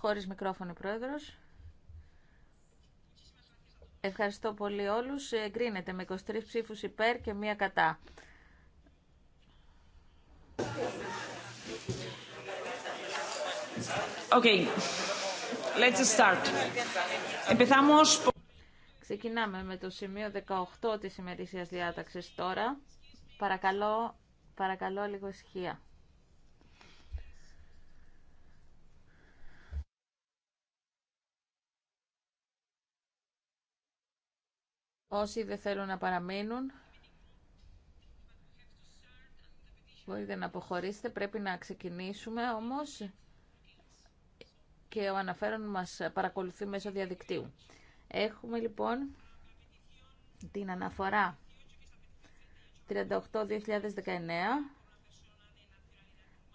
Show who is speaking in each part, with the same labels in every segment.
Speaker 1: Χωρίς μικρόφωνο, Πρόεδρος. Ευχαριστώ πολύ όλους. Εγκρίνεται με 23 ψήφους υπέρ και μία κατά. Okay. Let's start. Ξεκινάμε με το σημείο 18 της ημερήσιας διάταξης τώρα. Παρακαλώ, παρακαλώ λίγο ισχύα. Όσοι δεν θέλουν να παραμένουν, μπορείτε να αποχωρήσετε. Πρέπει να ξεκινήσουμε όμως και ο αναφέρον μας παρακολουθεί μέσω διαδικτύου. Έχουμε λοιπόν την αναφορά 38-2019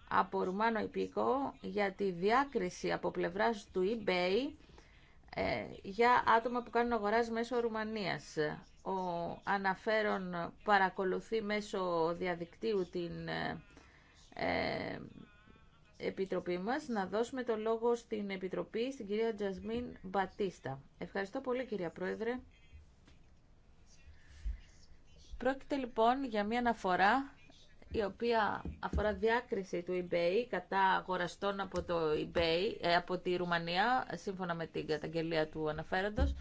Speaker 1: από Ρουμάνο Υπήκο για τη διάκριση από πλευράς του eBay ε, για άτομα που κάνουν αγοράς μέσω Ρουμανίας. Ο αναφέρον παρακολουθεί μέσω διαδικτύου την ε, ε, Επιτροπή μας. Να δώσουμε το λόγο στην Επιτροπή, στην κυρία Τζασμίν Μπατίστα. Ευχαριστώ πολύ κυρία Πρόεδρε. Πρόκειται λοιπόν για μια αναφορά η οποία αφορά διάκριση του eBay κατά αγοραστών από, το eBay, ε, από τη Ρουμανία, σύμφωνα με την καταγγελία του αναφέροντος.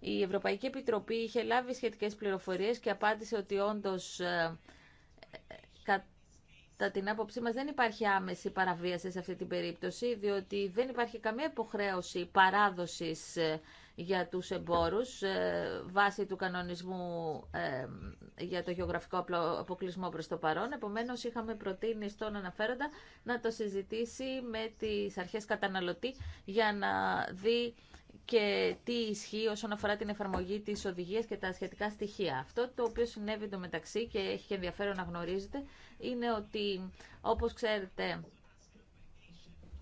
Speaker 1: Η Ευρωπαϊκή Επιτροπή είχε λάβει σχετικές πληροφορίες και απάντησε ότι όντως ε, κατά την άποψή μας δεν υπάρχει άμεση παραβίαση σε αυτή την περίπτωση, διότι δεν υπάρχει καμία υποχρέωση παράδοσης ε, για τους εμπόρους ε, βάσει του κανονισμού ε, για το γεωγραφικό αποκλεισμό προς το παρόν. Επομένως, είχαμε προτείνει στον αναφέροντα να το συζητήσει με τις αρχές καταναλωτή για να δει και τι ισχύει όσον αφορά την εφαρμογή της οδηγίας και τα σχετικά στοιχεία. Αυτό το οποίο συνέβη το μεταξύ και έχει και ενδιαφέρον να γνωρίζετε είναι ότι όπως ξέρετε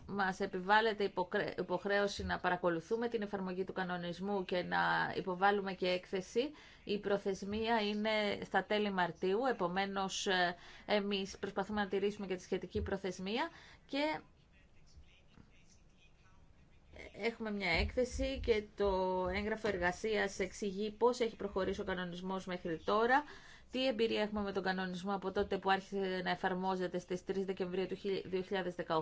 Speaker 1: μας επιβάλλεται υποχρέωση να παρακολουθούμε την εφαρμογή του κανονισμού και να υποβάλουμε και έκθεση. Η προθεσμία είναι στα τέλη Μαρτίου, επομένως ε, εμείς προσπαθούμε να τηρήσουμε και τη σχετική προθεσμία και έχουμε μια έκθεση και το έγγραφο εργασίας εξηγεί πώς έχει προχωρήσει ο κανονισμός μέχρι τώρα τι εμπειρία έχουμε με τον κανονισμό από τότε που άρχισε να εφαρμόζεται στις 3 Δεκεμβρίου του 2018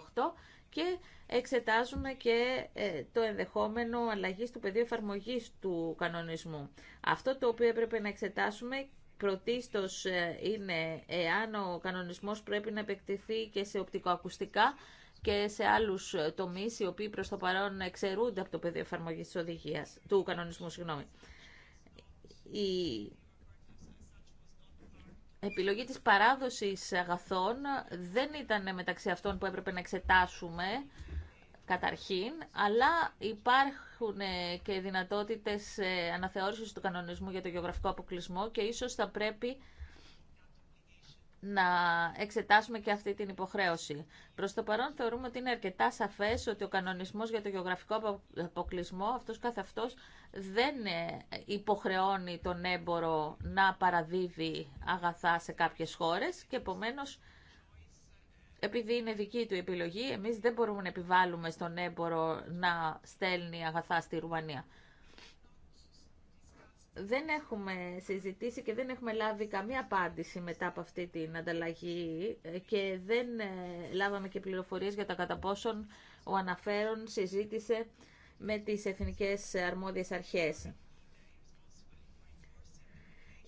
Speaker 1: και εξετάζουμε και ε, το ενδεχόμενο αλλαγής του πεδίου εφαρμογής του κανονισμού. Αυτό το οποίο έπρεπε να εξετάσουμε πρωτίστως ε, είναι εάν ο κανονισμός πρέπει να επεκτηθεί και σε οπτικοακουστικά και σε άλλους ε, τομείς οι οποίοι προς το παρόν εξαιρούνται από το πεδίο εφαρμογή του κανονισμού. Συγγνώμη επιλογή της παράδοσης αγαθών δεν ήταν μεταξύ αυτών που έπρεπε να εξετάσουμε καταρχήν, αλλά υπάρχουν ε, και δυνατότητες ε, αναθεώρησης του κανονισμού για το γεωγραφικό αποκλεισμό και ίσως θα πρέπει να εξετάσουμε και αυτή την υποχρέωση. Προ το παρόν θεωρούμε ότι είναι αρκετά σαφέ ότι ο κανονισμός για το γεωγραφικό αποκλεισμό αυτός καθ' αυτό δεν ε, υποχρεώνει τον έμπορο να παραδίδει αγαθά σε κάποιες χώρες και επομένως επειδή είναι δική του επιλογή, εμείς δεν μπορούμε να επιβάλλουμε στον έμπορο να στέλνει αγαθά στη Ρουμανία δεν έχουμε συζητήσει και δεν έχουμε λάβει καμία απάντηση μετά από αυτή την ανταλλαγή και δεν ε, λάβαμε και πληροφορίες για τα κατά πόσον ο αναφέρον συζήτησε με τις εθνικές αρμόδιες αρχές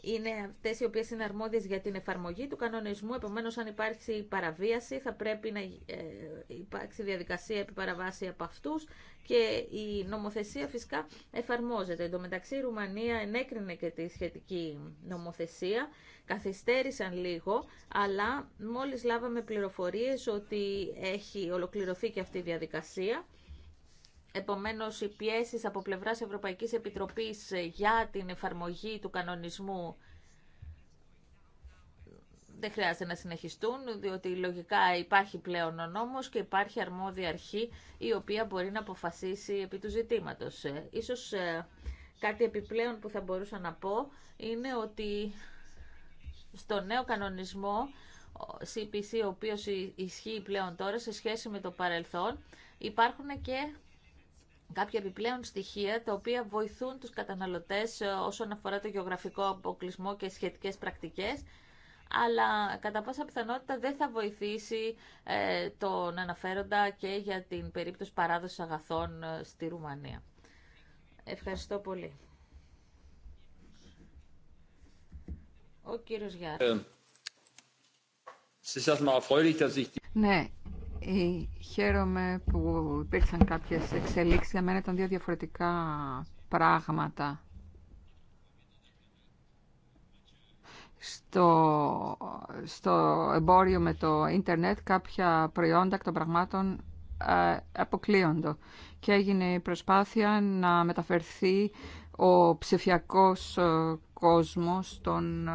Speaker 1: είναι αυτέ οι οποίες είναι αρμόδιες για την εφαρμογή του κανονισμού. Επομένω, αν υπάρξει παραβίαση, θα πρέπει να ε, υπάρξει διαδικασία επιπαραβάση από αυτούς και η νομοθεσία φυσικά εφαρμόζεται. Εν τω μεταξύ, η Ρουμανία ενέκρινε και τη σχετική νομοθεσία, καθυστέρησαν λίγο, αλλά μόλις λάβαμε πληροφορίε ότι έχει ολοκληρωθεί και αυτή η διαδικασία. Επομένως, οι πιέσει από πλευράς Ευρωπαϊκής Επιτροπής για την εφαρμογή του κανονισμού δεν χρειάζεται να συνεχιστούν, διότι λογικά υπάρχει πλέον ο νόμος και υπάρχει αρμόδια αρχή η οποία μπορεί να αποφασίσει επί του ζητήματος. Ε, ίσως ε, κάτι επιπλέον που θα μπορούσα να πω είναι ότι στο νέο κανονισμό CPC, ο οποίος ισχύει πλέον τώρα σε σχέση με το παρελθόν, υπάρχουν και κάποια επιπλέον στοιχεία τα οποία βοηθούν τους καταναλωτές ε, όσον αφορά το γεωγραφικό αποκλεισμό και σχετικές πρακτικές αλλά κατά πάσα πιθανότητα δεν θα βοηθήσει ε, τον αναφέροντα και για την περίπτωση παράδοσης αγαθών ε, στη Ρουμανία. Ευχαριστώ πολύ. Ο κύριος Γιάννη.
Speaker 2: Ναι, ε, χαίρομαι που υπήρξαν κάποιες εξελίξεις. Για μένα ήταν δύο διαφορετικά πράγματα. Στο, στο εμπόριο με το ίντερνετ κάποια προϊόντα εκ των πραγμάτων ε, αποκλείοντο και έγινε η προσπάθεια να μεταφερθεί ο ψηφιακός ε, κόσμος στον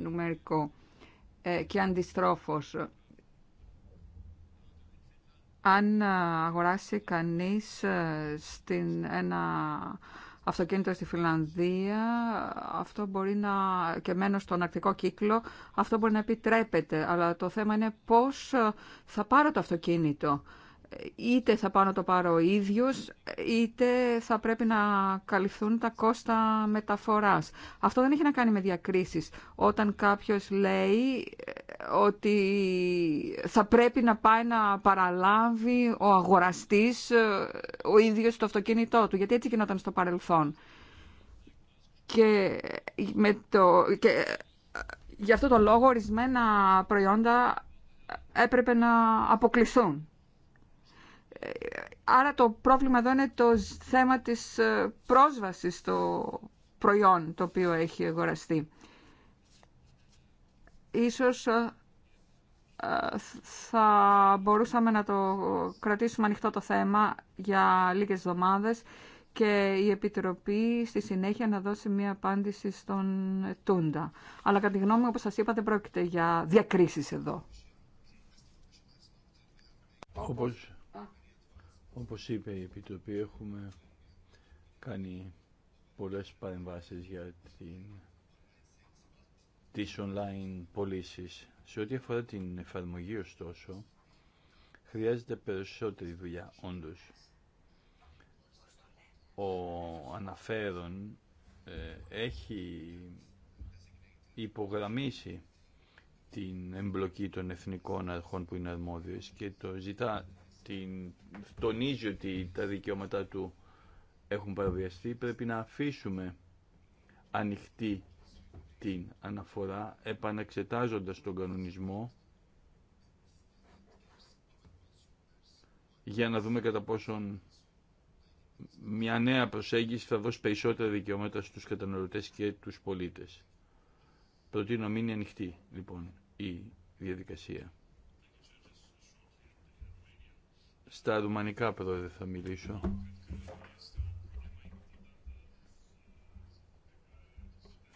Speaker 2: νούμερικό και αντιστρόφως αν αγοράσει κανείς στην ένα αυτοκίνητο στη Φιλανδία, αυτό μπορεί να, και μένω στον αρκτικό κύκλο, αυτό μπορεί να επιτρέπεται. Αλλά το θέμα είναι πώς θα πάρω το αυτοκίνητο είτε θα πάνω το πάρω ο ίδιος, είτε θα πρέπει να καλυφθούν τα κόστα μεταφοράς. Αυτό δεν έχει να κάνει με διακρίσεις. Όταν κάποιος λέει ε, ότι θα πρέπει να πάει να παραλάβει ο αγοραστής ε, ο ίδιος το αυτοκίνητό του, γιατί έτσι γινόταν στο παρελθόν. Και, με το, και ε, γι' αυτό το λόγο ορισμένα προϊόντα έπρεπε να αποκλειθούν. Άρα το πρόβλημα εδώ είναι το θέμα της ε, πρόσβασης στο προϊόν το οποίο έχει αγοραστεί. Ίσως ε, ε, θα μπορούσαμε να το κρατήσουμε ανοιχτό το θέμα για λίγες εβδομάδες και η Επιτροπή στη συνέχεια να δώσει μία απάντηση στον Τούντα. Αλλά κατά τη γνώμη μου, όπως σας είπα, δεν πρόκειται για διακρίσεις εδώ.
Speaker 3: Όπως είπε η Επιτροπή, έχουμε κάνει πολλές παρεμβάσεις για την, τις online πωλήσει. Σε ό,τι αφορά την εφαρμογή ωστόσο, χρειάζεται περισσότερη δουλειά, όντως. Ο αναφέρον ε, έχει υπογραμμίσει την εμπλοκή των εθνικών αρχών που είναι αρμόδιες και το ζητά την, τονίζει ότι τα δικαιώματά του έχουν παραβιαστεί, πρέπει να αφήσουμε ανοιχτή την αναφορά, επαναξετάζοντας τον κανονισμό, για να δούμε κατά πόσον μια νέα προσέγγιση θα δώσει περισσότερα δικαιώματα στους καταναλωτές και τους πολίτες. Προτείνω να μείνει ανοιχτή, λοιπόν, η διαδικασία. Στα ρουμανικά πρόεδρε θα μιλήσω.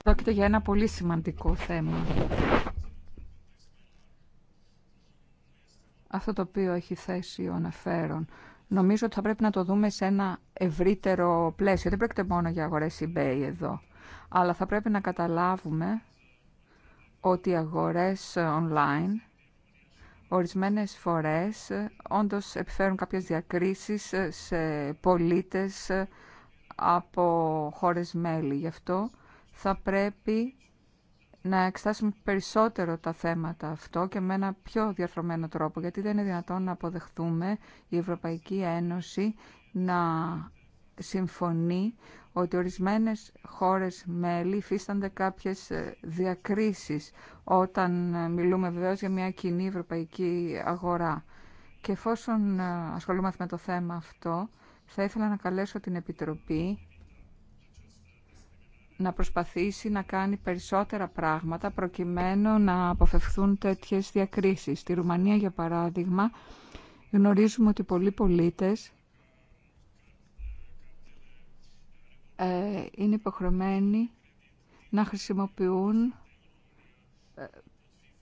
Speaker 2: Πρόκειται για ένα πολύ σημαντικό θέμα. Αυτό το οποίο έχει θέσει ο αναφέρον. Νομίζω ότι θα πρέπει να το δούμε σε ένα ευρύτερο πλαίσιο. Δεν πρόκειται μόνο για αγορές eBay εδώ. Αλλά θα πρέπει να καταλάβουμε ότι οι αγορές online Ορισμένες φορές ε, όντως επιφέρουν κάποιες διακρίσεις ε, σε πολίτες ε, από χώρες μέλη. Γι' αυτό θα πρέπει να εξτάσουμε περισσότερο τα θέματα αυτό και με ένα πιο διαρθρωμένο τρόπο, γιατί δεν είναι δυνατόν να αποδεχθούμε η Ευρωπαϊκή Ένωση να συμφωνεί ότι ορισμένες χώρες μέλη υφίστανται κάποιες ε, διακρίσεις όταν ε, μιλούμε βεβαίως για μια κοινή ευρωπαϊκή αγορά. Και εφόσον ε, ασχολούμαστε με το θέμα αυτό, θα ήθελα να καλέσω την Επιτροπή να προσπαθήσει να κάνει περισσότερα πράγματα προκειμένου να αποφευθούν τέτοιες διακρίσεις. Στη Ρουμανία, για παράδειγμα, γνωρίζουμε ότι πολλοί πολίτες Ε, είναι υποχρεωμένοι να χρησιμοποιούν ε,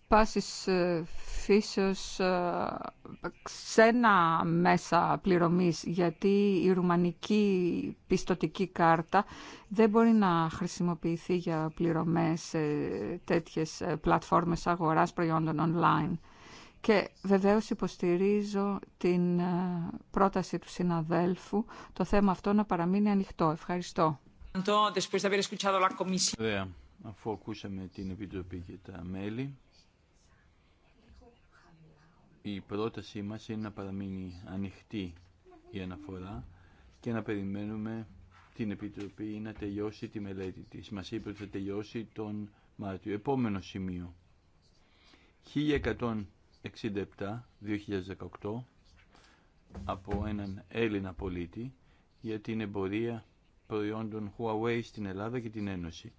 Speaker 2: πάσης ε, φύσεως ξένα μέσα πληρωμής γιατί η ρουμανική πιστοτική κάρτα δεν μπορεί να χρησιμοποιηθεί για πληρωμές σε τέτοιες πλατφόρμες αγοράς προϊόντων online. Και βεβαίως υποστηρίζω την ε, πρόταση του συναδέλφου το θέμα αυτό να παραμείνει ανοιχτό. Ευχαριστώ.
Speaker 3: Ωραία. Αφού ακούσαμε την Επιτροπή και τα μέλη, η πρότασή μας είναι να παραμείνει ανοιχτή η αναφορά και να περιμένουμε την Επιτροπή να τελειώσει τη μελέτη της. Μας είπε ότι θα τελειώσει τον Μάρτιο. Επόμενο σημείο. 1100 67-2018 από έναν Έλληνα πολίτη για την εμπορία προϊόντων Huawei στην Ελλάδα και την Ένωση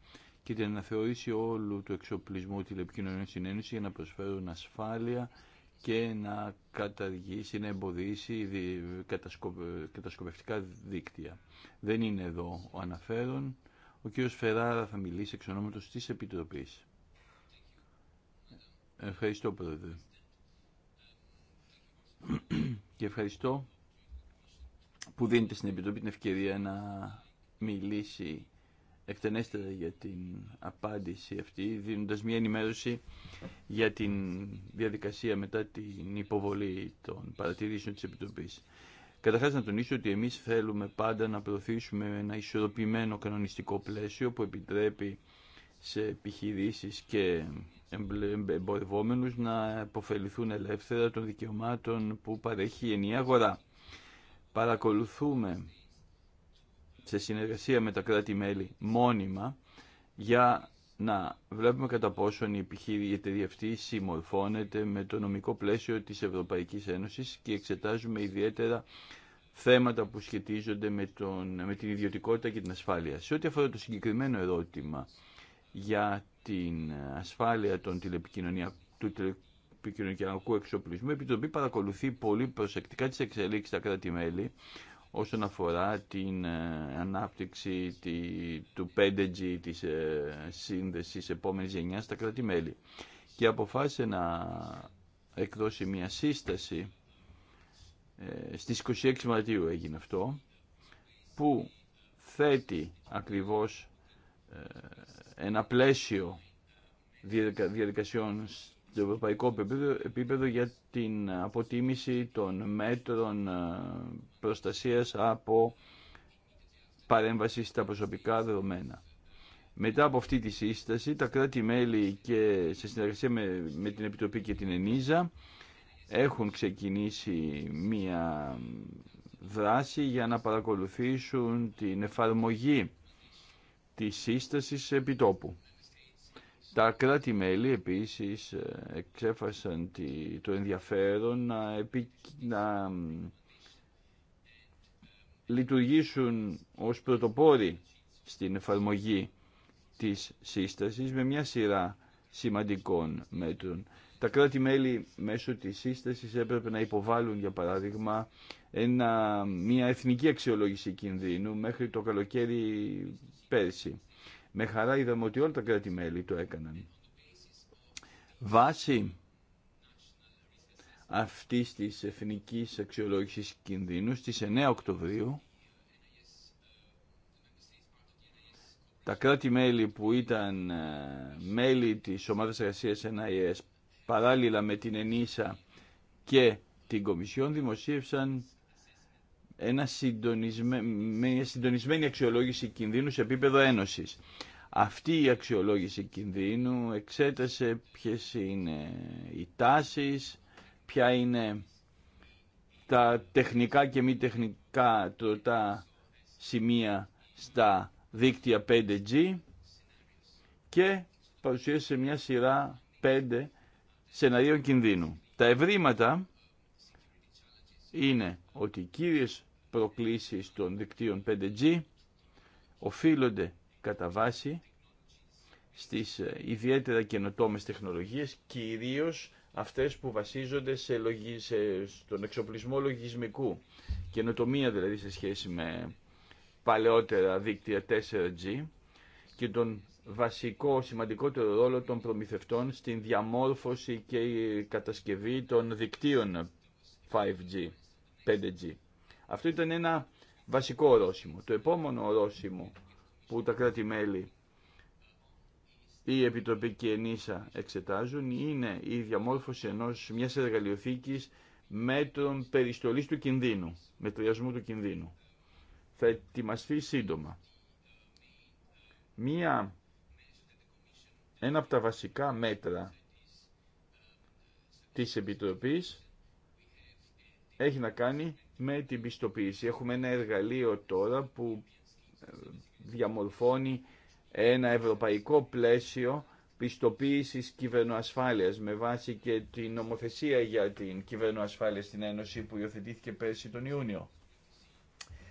Speaker 3: και την αναθεωρήση όλου του εξοπλισμού τηλεπικοινωνιών στην Ένωση για να προσφέρουν ασφάλεια και να καταργήσει, να εμποδίσει κατασκοπευτικά δίκτυα. Δεν είναι εδώ ο αναφέρον. Ο κ. Φεράρα θα μιλήσει εξ ονόματος της Επιτροπής. Ευχαριστώ, Πρόεδρε και ευχαριστώ που δίνετε στην Επιτροπή την ευκαιρία να μιλήσει εκτενέστερα για την απάντηση αυτή, δίνοντας μια ενημέρωση για την διαδικασία μετά την υποβολή των παρατηρήσεων της Επιτροπής. Καταρχά να τονίσω ότι εμείς θέλουμε πάντα να προωθήσουμε ένα ισορροπημένο κανονιστικό πλαίσιο που επιτρέπει σε επιχειρήσεις και εμπορευόμενους να υποφεληθούν ελεύθερα των δικαιωμάτων που παρέχει η ενιαία αγορά. Παρακολουθούμε σε συνεργασία με τα κράτη-μέλη μόνιμα για να βλέπουμε κατά πόσον η επιχείρηση αυτή συμμορφώνεται με το νομικό πλαίσιο της Ευρωπαϊκής Ένωσης και εξετάζουμε ιδιαίτερα θέματα που σχετίζονται με, τον, με την ιδιωτικότητα και την ασφάλεια. Σε ό,τι αφορά το συγκεκριμένο ερώτημα για την ασφάλεια των του τηλεπικοινωνιακού εξοπλισμού, η Επιτροπή παρακολουθεί πολύ προσεκτικά τις εξελίξεις στα κράτη-μέλη όσον αφορά την ε, ανάπτυξη του 5G, της ε, σύνδεσης επόμενης γενιάς στα κράτη-μέλη. Και αποφάσισε να εκδώσει μια σύσταση, ε, στις 26 Μαρτίου έγινε αυτό, που θέτει ακριβώς ένα πλαίσιο διαδικασιών στο ευρωπαϊκό επίπεδο, για την αποτίμηση των μέτρων ε, προστασίας από παρέμβαση στα προσωπικά δεδομένα. Μετά από αυτή τη σύσταση, τα κράτη-μέλη και σε συνεργασία με, με την Επιτροπή και την ΕΝΙΖΑ έχουν ξεκινήσει μία δράση για να παρακολουθήσουν την εφαρμογή της επιτόπου. Τα κράτη-μέλη επίσης ε, εξέφασαν το ενδιαφέρον να, επι... να λειτουργήσουν ως πρωτοπόροι στην εφαρμογή της σύστασης με μια σειρά σημαντικών μέτρων. Τα κράτη-μέλη μέσω της σύστασης έπρεπε να υποβάλουν, για παράδειγμα, ένα, μια εθνική αξιολόγηση κινδύνου μέχρι το καλοκαίρι πέρσι. Με χαρά είδαμε ότι όλα τα κράτη-μέλη το έκαναν. Βάση αυτής της εθνικής αξιολόγησης κινδύνου στις 9 Οκτωβρίου τα κράτη-μέλη που ήταν ε, μέλη της ομάδας εργασίας NIS παράλληλα με την ΕΝΙΣΑ και την Κομισιόν δημοσίευσαν ένα συντονισμέ... μια συντονισμένη αξιολόγηση κινδύνου σε επίπεδο ένωσης. Αυτή η αξιολόγηση κινδύνου εξέτασε ποιες είναι οι τάσεις, ποια είναι τα τεχνικά και μη τεχνικά τα σημεία στα δίκτυα 5G και παρουσίασε μια σειρά 5 σεναρίων κινδύνου. Τα ευρήματα είναι ότι οι κύριες προκλήσεις των δικτύων 5G οφείλονται κατά βάση στις ε, ιδιαίτερα καινοτόμες τεχνολογίες, κυρίως αυτές που βασίζονται σε λογι... σε... στον εξοπλισμό λογισμικού. Καινοτομία δηλαδή σε σχέση με παλαιότερα δίκτυα 4G και τον βασικό, σημαντικότερο ρόλο των προμηθευτών στην διαμόρφωση και η κατασκευή των δικτύων 5G, 5G. Αυτό ήταν ένα βασικό ορόσημο. Το επόμενο ορόσημο που τα κράτη-μέλη ή η Επιτροπή και ενίσα εξετάζουν είναι η επιτροπη και εξεταζουν ενός μιας εργαλειοθήκης μέτρων περιστολής του κινδύνου, μετριασμού του κινδύνου. Θα ετοιμαστεί σύντομα. Μία ένα από τα βασικά μέτρα της Επιτροπής έχει να κάνει με την πιστοποίηση. Έχουμε ένα εργαλείο τώρα που ε, διαμορφώνει ένα ευρωπαϊκό πλαίσιο πιστοποίησης κυβερνοασφάλειας με βάση και την νομοθεσία για την κυβερνοασφάλεια στην Ένωση που υιοθετήθηκε πέρσι τον Ιούνιο.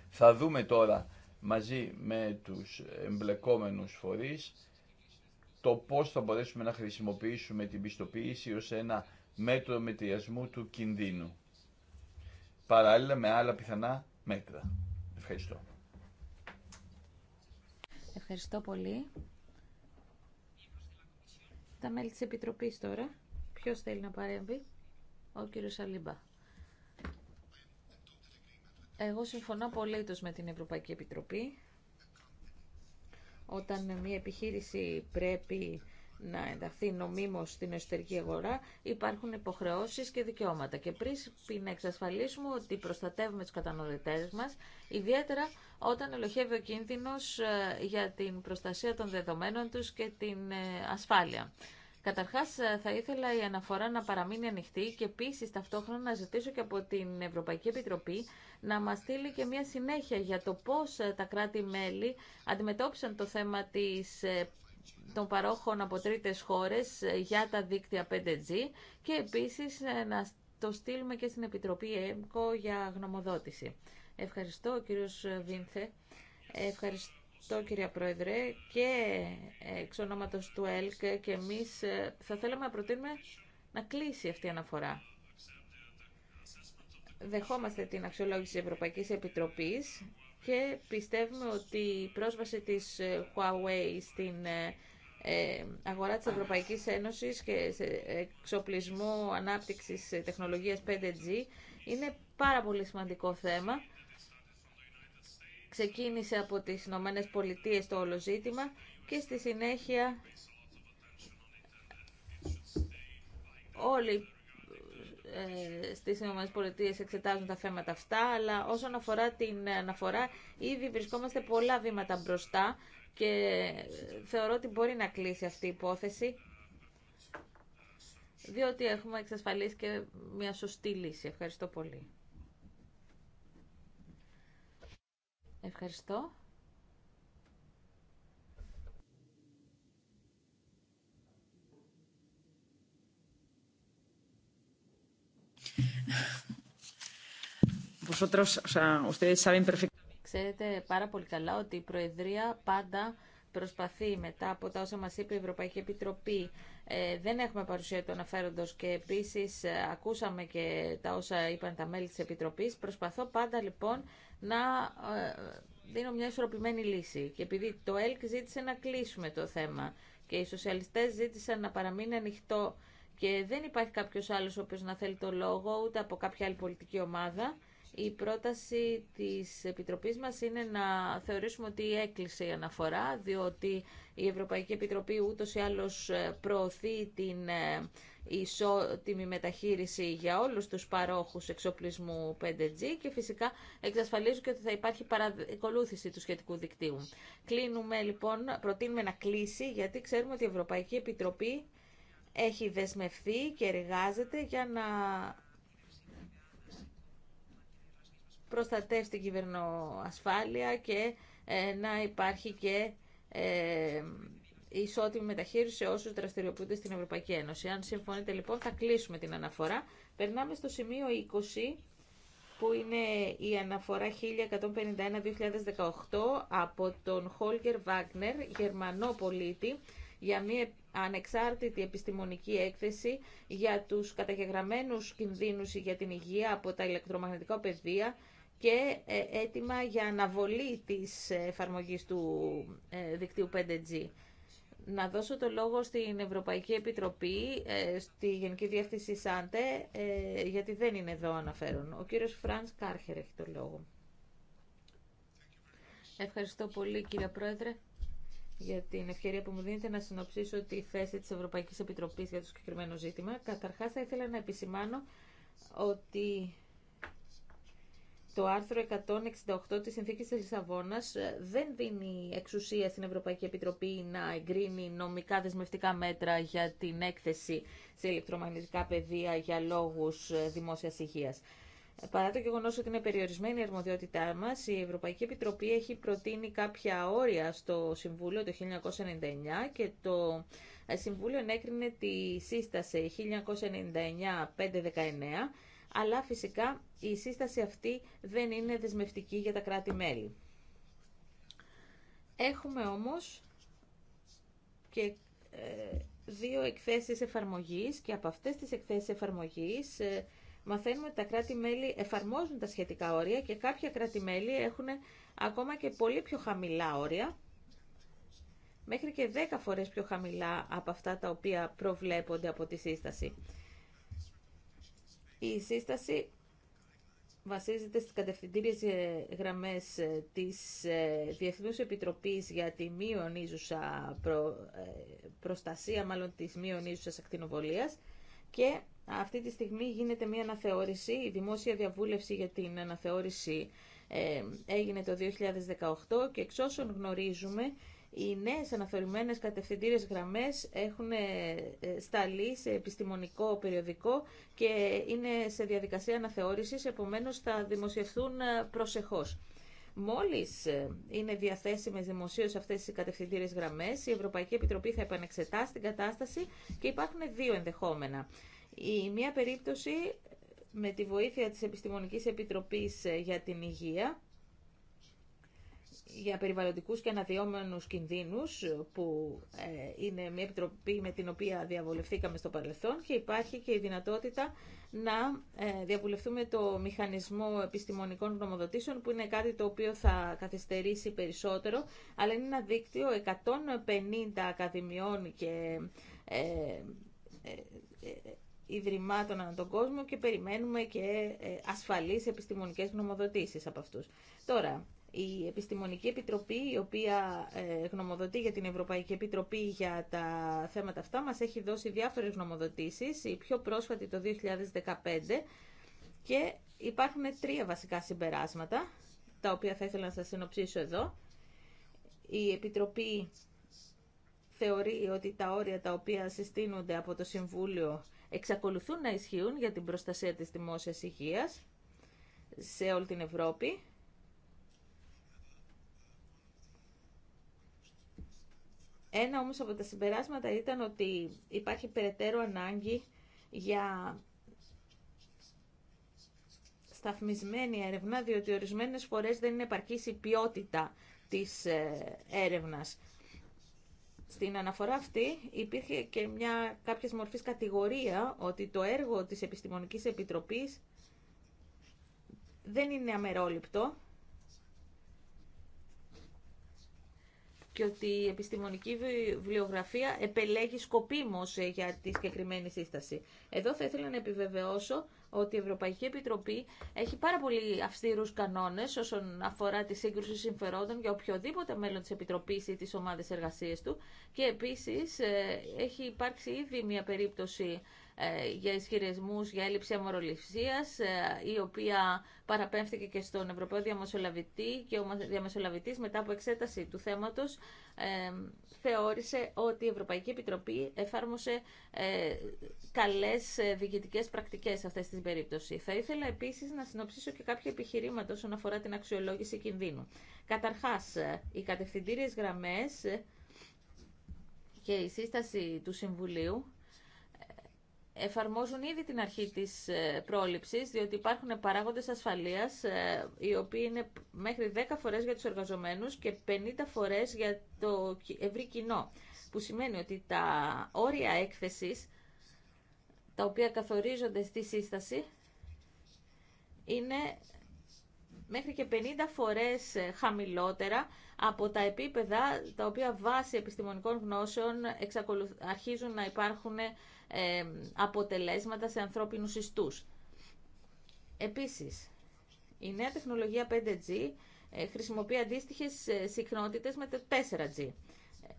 Speaker 3: Θα δούμε τώρα μαζί με τους εμπλεκόμενους φορείς το πώς θα μπορέσουμε να χρησιμοποιήσουμε την πιστοποίηση ως ένα μέτρο μετριασμού του κινδύνου. Παράλληλα με άλλα πιθανά μέτρα. Ευχαριστώ.
Speaker 1: Ευχαριστώ πολύ. Τα μέλη της Επιτροπής τώρα. Ποιος θέλει να παρέμβει. Ο κύριος Αλίμπα. Εγώ συμφωνώ πολύ με την Ευρωπαϊκή Επιτροπή. Όταν μια επιχείρηση πρέπει να ενταχθεί νομίμως στην εσωτερική αγορά, υπάρχουν υποχρεώσεις και δικαιώματα. Και πρέπει να εξασφαλίσουμε ότι προστατεύουμε τους καταναλωτές μας, ιδιαίτερα όταν ελοχεύει ο κίνδυνος ε, για την προστασία των δεδομένων τους και την ε, ασφάλεια. Καταρχάς ε, θα ήθελα η αναφορά να παραμείνει ανοιχτή και επίσης ταυτόχρονα να ζητήσω και από την Ευρωπαϊκή Επιτροπή να μας στείλει και μια συνέχεια για το πώς ε, τα κράτη-μέλη αντιμετώπισαν το θέμα της ε, των παρόχων από τρίτε χώρες για τα δίκτυα 5G και επίσης να το στείλουμε και στην Επιτροπή ΕΜΚΟ για γνωμοδότηση. Ευχαριστώ, κύριος Βίνθε. Ευχαριστώ το κυρία Πρόεδρε και ε, εξ ονόματος του ΕΛΚ και εμείς ε, θα θέλαμε να προτείνουμε να κλείσει αυτή η αναφορά. Δεχόμαστε την αξιολόγηση της Ευρωπαϊκής Επιτροπής και πιστεύουμε ότι η πρόσβαση της ε, Huawei στην αγορά της Ευρωπαϊκής Ένωσης και σε εξοπλισμό ανάπτυξης τεχνολογίας 5G είναι πάρα πολύ σημαντικό θέμα Ξεκίνησε από τις Ηνωμένε Πολιτείες το όλο ζήτημα και στη συνέχεια όλοι ε, στις Πολιτείες εξετάζουν τα θέματα αυτά, αλλά όσον αφορά την αναφορά, ήδη βρισκόμαστε πολλά βήματα μπροστά και θεωρώ ότι μπορεί να κλείσει αυτή η υπόθεση, διότι έχουμε εξασφαλίσει και μια σωστή λύση. Ευχαριστώ πολύ. Ευχαριστώ. Ξέρετε πάρα πολύ καλά ότι η Προεδρία πάντα προσπαθεί μετά από τα όσα μας είπε η Ευρωπαϊκή Επιτροπή. Ε, δεν έχουμε παρουσία του αναφέροντος και επίσης ε, ακούσαμε και τα όσα είπαν τα μέλη της Επιτροπής. Προσπαθώ πάντα λοιπόν να ε, δίνω μια ισορροπημένη λύση. Και επειδή το ΕΛΚ ζήτησε να κλείσουμε το θέμα και οι σοσιαλιστές ζήτησαν να παραμείνει ανοιχτό και δεν υπάρχει κάποιος άλλος ο οποίος να θέλει το λόγο ούτε από κάποια άλλη πολιτική ομάδα, η πρόταση της Επιτροπής μας είναι να θεωρήσουμε ότι έκλεισε η αναφορά, διότι η Ευρωπαϊκή Επιτροπή ούτως ή άλλως ε, προωθεί την ε, ισότιμη μεταχείριση για όλους τους παρόχους εξοπλισμού 5G και φυσικά εξασφαλίζουν και ότι θα υπάρχει παρακολούθηση του σχετικού δικτύου. Κλείνουμε λοιπόν, προτείνουμε να κλείσει γιατί ξέρουμε ότι η Ευρωπαϊκή Επιτροπή έχει δεσμευθεί και εργάζεται για να προστατεύσει την κυβερνοασφάλεια και ε, να υπάρχει και ε, ισότιμη μεταχείριση σε όσου δραστηριοποιούνται στην Ευρωπαϊκή Ένωση. Αν συμφωνείτε λοιπόν θα κλείσουμε την αναφορά. Περνάμε στο σημείο 20 που είναι η αναφορά 1151-2018 από τον Χόλκερ Βάγνερ, Γερμανό πολίτη, για μια ανεξάρτητη επιστημονική έκθεση για τους καταγεγραμμένους κινδύνους για την υγεία από τα ηλεκτρομαγνητικά πεδία και ε, έτοιμα για αναβολή της εφαρμογής του ε, δικτύου 5G να δώσω το λόγο στην Ευρωπαϊκή Επιτροπή, ε, στη Γενική Διεύθυνση ΣΑΝΤΕ, ε, γιατί δεν είναι εδώ αναφέρον. Ο κύριος Φρανς Κάρχερ έχει το λόγο. Ευχαριστώ πολύ κύριε Πρόεδρε για την ευκαιρία που μου δίνετε να συνοψίσω τη θέση της Ευρωπαϊκής Επιτροπής για το συγκεκριμένο ζήτημα. Καταρχάς θα ήθελα να επισημάνω ότι το άρθρο 168 της Συνθήκης της Λισαβόνας ε, δεν δίνει εξουσία στην Ευρωπαϊκή Επιτροπή να εγκρίνει νομικά δεσμευτικά μέτρα για την έκθεση σε ηλεκτρομαγνητικά πεδία για λόγους ε, δημόσιας υγείας. Παρά το γεγονό ότι είναι περιορισμένη η αρμοδιότητά μα, η Ευρωπαϊκή Επιτροπή έχει προτείνει κάποια όρια στο Συμβούλιο το 1999 και το ε, Συμβούλιο ενέκρινε τη σύσταση 1999-519 αλλά φυσικά η σύσταση αυτή δεν είναι δεσμευτική για τα κράτη-μέλη. Έχουμε όμως και ε, δύο εκθέσεις εφαρμογής και από αυτές τις εκθέσεις εφαρμογής ε, μαθαίνουμε ότι τα κράτη-μέλη εφαρμόζουν τα σχετικά όρια και κάποια κράτη-μέλη έχουν ακόμα και πολύ πιο χαμηλά όρια, μέχρι και 10 φορές πιο χαμηλά από αυτά τα οποία προβλέπονται από τη σύσταση. Η σύσταση βασίζεται στις κατευθυντήριες ε, γραμμές ε, της ε, Διεθνούς Επιτροπής για τη μειονίζουσα προστασία, μάλλον της μειονίζουσας ακτινοβολίας και αυτή τη στιγμή γίνεται μια αναθεώρηση, η δημόσια διαβούλευση για την αναθεώρηση έγινε το 2018 και εξ όσων γνωρίζουμε οι νέες αναθεωρημένες κατευθυντήριες γραμμές έχουν ε, σταλεί σε επιστημονικό περιοδικό και είναι σε διαδικασία αναθεώρησης, επομένως θα δημοσιευθούν ε, προσεχώς. Μόλις ε, είναι διαθέσιμες δημοσίως αυτές οι κατευθυντήριες γραμμές, η Ευρωπαϊκή Επιτροπή θα επανεξετάσει την κατάσταση και υπάρχουν δύο ενδεχόμενα. Η μία περίπτωση με τη βοήθεια της Επιστημονικής Επιτροπής για την Υγεία, για περιβαλλοντικούς και αναδυόμενους κινδύνους που ε, είναι μια επιτροπή με την οποία διαβολευθήκαμε στο παρελθόν και υπάρχει και η δυνατότητα να ε, διαβουλευτούμε το μηχανισμό επιστημονικών γνωμοδοτήσεων που είναι κάτι το οποίο θα καθυστερήσει περισσότερο αλλά είναι ένα δίκτυο 150 ακαδημιών και ε, ιδρυμάτων ανά τον κόσμο και περιμένουμε και ασφαλείς επιστημονικές γνωμοδοτήσεις από αυτούς. Τώρα, η Επιστημονική Επιτροπή, η οποία ε, γνωμοδοτεί για την Ευρωπαϊκή Επιτροπή για τα θέματα αυτά, μας έχει δώσει διάφορες γνωμοδοτήσεις, η πιο πρόσφατη το 2015, και υπάρχουν τρία βασικά συμπεράσματα, τα οποία θα ήθελα να σας συνοψίσω εδώ. Η Επιτροπή θεωρεί ότι τα όρια τα οποία συστήνονται από το Συμβούλιο εξακολουθούν να ισχύουν για την προστασία της δημόσιας υγείας σε όλη την Ευρώπη Ένα όμως από τα συμπεράσματα ήταν ότι υπάρχει περαιτέρω ανάγκη για σταθμισμένη έρευνα, διότι ορισμένες φορές δεν είναι επαρκής η ποιότητα της ε, έρευνας. Στην αναφορά αυτή υπήρχε και μια κάποιες μορφής κατηγορία ότι το έργο της Επιστημονικής Επιτροπής δεν είναι αμερόληπτο και ότι η επιστημονική βιβλιογραφία επελέγει σκοπίμως ε, για τη συγκεκριμένη σύσταση. Εδώ θα ήθελα να επιβεβαιώσω ότι η Ευρωπαϊκή Επιτροπή έχει πάρα πολύ αυστηρούς κανόνες όσον αφορά τη σύγκρουση συμφερόντων για οποιοδήποτε μέλο της Επιτροπής ή της ομάδας εργασίας του και επίσης ε, έχει υπάρξει ήδη μια περίπτωση ε, για ισχυρισμούς για έλλειψη αμοροληψίας, ε, η οποία παραπέμφθηκε και στον Ευρωπαίο Διαμεσολαβητή και ο Διαμεσολαβητής μετά από εξέταση του θέματος ε, θεώρησε ότι η Ευρωπαϊκή Επιτροπή εφάρμοσε καλές διοικητικές πρακτικές σε αυτές τις περίπτωση. Θα ήθελα επίσης να συνοψίσω και κάποια επιχειρήματα όσον αφορά την αξιολόγηση κινδύνου. Καταρχάς, οι κατευθυντήριες γραμμές και η σύσταση του Συμβουλίου εφαρμόζουν ήδη την αρχή της ε, πρόληψης, διότι υπάρχουν παράγοντες ασφαλείας, ε, οι οποίοι είναι μέχρι 10 φορές για τους εργαζομένους και 50 φορές για το ευρύ κοινό, που σημαίνει ότι τα όρια έκθεσης, τα οποία καθορίζονται στη σύσταση, είναι μέχρι και 50 φορές ε, χαμηλότερα από τα επίπεδα τα οποία βάσει επιστημονικών γνώσεων αρχίζουν να υπάρχουν ε, αποτελέσματα σε ανθρώπινους ιστούς. Επίσης, η νέα τεχνολογία 5G ε, χρησιμοποιεί αντίστοιχες ε, συχνότητες με το 4G.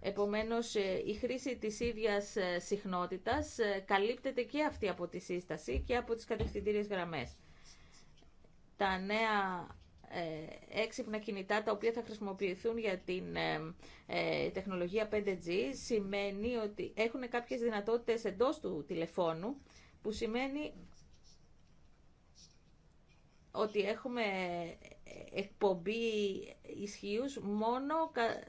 Speaker 1: Επομένως, η χρήση της ίδιας συχνότητας καλύπτεται και αυτή από τη σύσταση και από τις κατευθυντήριες γραμμές. Τα νέα ε, έξυπνα κινητά τα οποία θα χρησιμοποιηθούν για την ε, ε τεχνολογία 5G σημαίνει ότι έχουν κάποιες δυνατότητες εντός του τηλεφώνου που σημαίνει ότι έχουμε εκπομπή ισχύους μόνο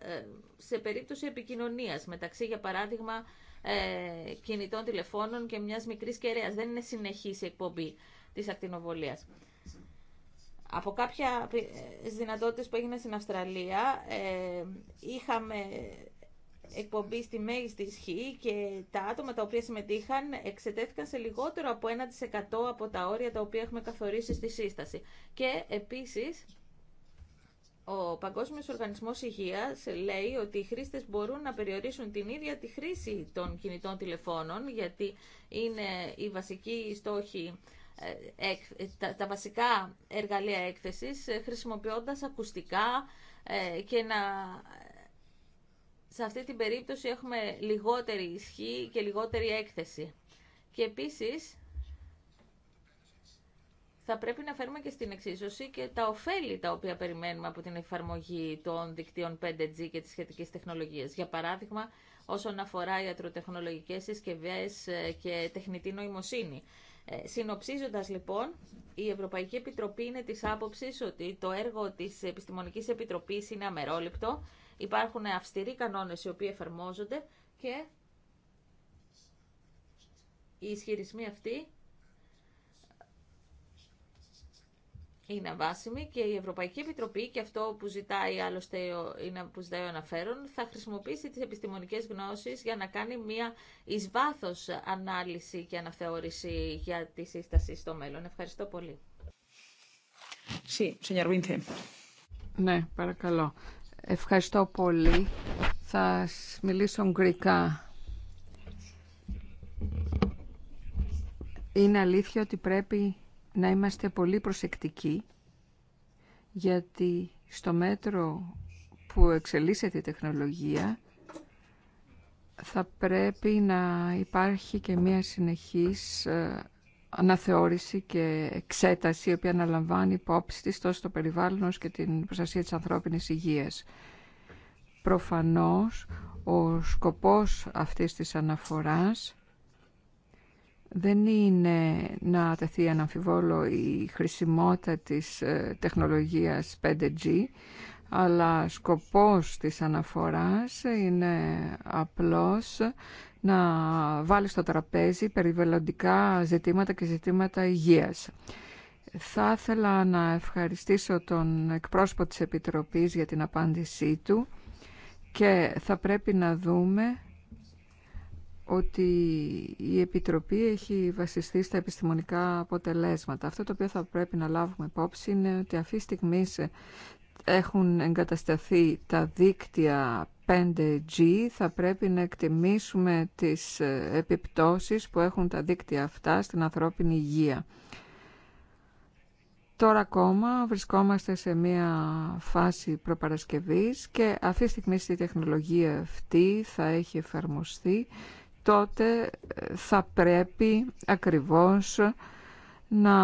Speaker 1: ε, σε περίπτωση επικοινωνίας μεταξύ για παράδειγμα κινητών τηλεφώνων και μιας μικρής κεραίας Δεν είναι συνεχής η εκπομπή της ακτινοβολίας. Από κάποια ε, δυνατότητες που έγιναν στην Αυστραλία, ε, είχαμε εκπομπή στη μέγιστη ισχύ και τα άτομα τα οποία συμμετείχαν εξετέθηκαν σε λιγότερο από 1% από τα όρια τα οποία έχουμε καθορίσει στη σύσταση. Και επίσης, ο Παγκόσμιος Οργανισμός Υγείας λέει ότι οι χρήστες μπορούν να περιορίσουν την ίδια τη χρήση των κινητών τηλεφώνων, γιατί είναι η βασική στόχη ε, τα, τα βασικά εργαλεία έκθεσης ε, χρησιμοποιώντας ακουστικά ε, και να σε αυτή την περίπτωση έχουμε λιγότερη ισχύ και λιγότερη έκθεση. Και επίσης θα πρέπει να φέρουμε και στην εξίσωση και τα ωφέλη τα οποία περιμένουμε από την εφαρμογή των δικτύων 5G και της σχετικής τεχνολογίας. Για παράδειγμα, όσον αφορά ιατροτεχνολογικές συσκευές και τεχνητή νοημοσύνη. Ε, συνοψίζοντας λοιπόν, η Ευρωπαϊκή Επιτροπή είναι της άποψης ότι το έργο της Επιστημονικής Επιτροπής είναι αμερόληπτο, υπάρχουν αυστηροί κανόνες οι οποίοι εφαρμόζονται και οι ισχυρισμοί αυτοί είναι βάσιμη και η Ευρωπαϊκή Επιτροπή, και αυτό που ζητάει άλλωστε είναι που ζητάει ο αναφέρον, θα χρησιμοποιήσει τις επιστημονικές γνώσεις για να κάνει μια εις βάθος ανάλυση και αναθεώρηση για τη σύσταση στο μέλλον. Ευχαριστώ πολύ.
Speaker 2: Ναι, παρακαλώ. Ευχαριστώ πολύ. Θα μιλήσω γκρικά. Είναι αλήθεια ότι πρέπει να είμαστε πολύ προσεκτικοί γιατί στο μέτρο που εξελίσσεται η τεχνολογία θα πρέπει να υπάρχει και μια συνεχής ε, αναθεώρηση και εξέταση η οποία αναλαμβάνει υπόψη της τόσο το περιβάλλον και την προστασία της ανθρώπινης υγείας. Προφανώς ο σκοπός αυτής της αναφοράς δεν είναι να τεθεί αναμφιβόλο η χρησιμότητα της ε, τεχνολογίας 5G, αλλά σκοπός της αναφοράς είναι απλώς να βάλει στο τραπέζι περιβαλλοντικά ζητήματα και ζητήματα υγείας. Θα ήθελα να ευχαριστήσω τον εκπρόσωπο της Επιτροπής για την απάντησή του και θα πρέπει να δούμε ότι η Επιτροπή έχει βασιστεί στα επιστημονικά αποτελέσματα. Αυτό το οποίο θα πρέπει να λάβουμε υπόψη είναι ότι αυτή τη στιγμή έχουν εγκατασταθεί τα δίκτυα 5G. Θα πρέπει να εκτιμήσουμε τις ε, επιπτώσεις που έχουν τα δίκτυα αυτά στην ανθρώπινη υγεία. Τώρα ακόμα βρισκόμαστε σε μια φάση προπαρασκευής και αυτή τη στιγμή η τεχνολογία αυτή θα έχει εφαρμοστεί τότε ε, θα πρέπει ακριβώς να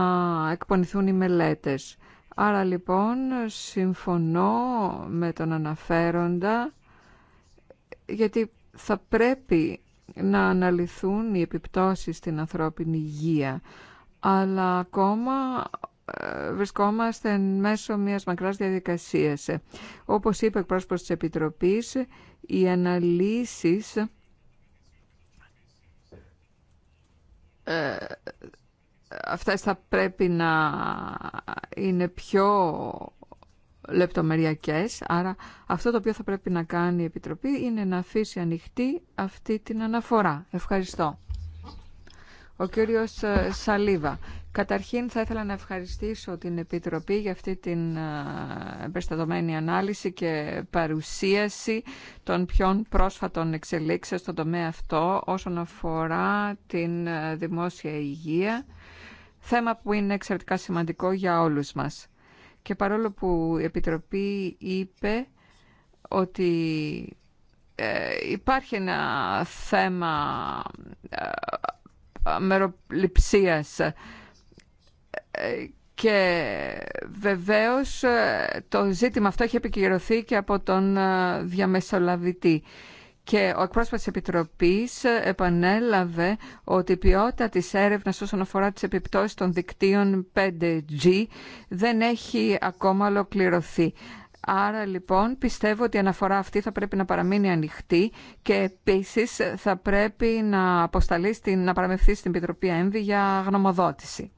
Speaker 2: εκπονηθούν οι μελέτες. Άρα λοιπόν συμφωνώ με τον αναφέροντα γιατί θα πρέπει να αναλυθούν οι επιπτώσεις στην ανθρώπινη υγεία. Αλλά ακόμα ε, βρισκόμαστε μέσω μιας μακράς διαδικασίας. Όπως είπε ο εκπρόσωπος της Επιτροπής, οι αναλύσεις Ε, αυτά αυτές θα πρέπει να είναι πιο λεπτομεριακές. Άρα αυτό το οποίο θα πρέπει να κάνει η Επιτροπή είναι να αφήσει ανοιχτή αυτή την αναφορά. Ευχαριστώ. Ο κύριος ε, Σαλίβα. Καταρχήν θα ήθελα να ευχαριστήσω την Επιτροπή για αυτή την ε, εμπεριστατωμένη ανάλυση και παρουσίαση των πιο πρόσφατων εξελίξεων στον τομέα αυτό όσον αφορά την ε, δημόσια υγεία, θέμα που είναι εξαιρετικά σημαντικό για όλους μας. Και παρόλο που η Επιτροπή είπε ότι υπάρχει ένα θέμα μεροληψίας ε, και βεβαίως ε, το ζήτημα αυτό έχει επικυρωθεί και από τον ε, διαμεσολαβητή. Και ο εκπρόσωπος της Επιτροπής επανέλαβε ότι η ποιότητα της έρευνας όσον αφορά τις επιπτώσεις των δικτύων 5G δεν έχει ακόμα ολοκληρωθεί. Άρα λοιπόν πιστεύω ότι η αναφορά αυτή θα πρέπει να παραμείνει ανοιχτή και επίση θα πρέπει να αποσταλεί στην, να παραμευθεί στην Επιτροπή ΕΜΒΗ για γνωμοδότηση.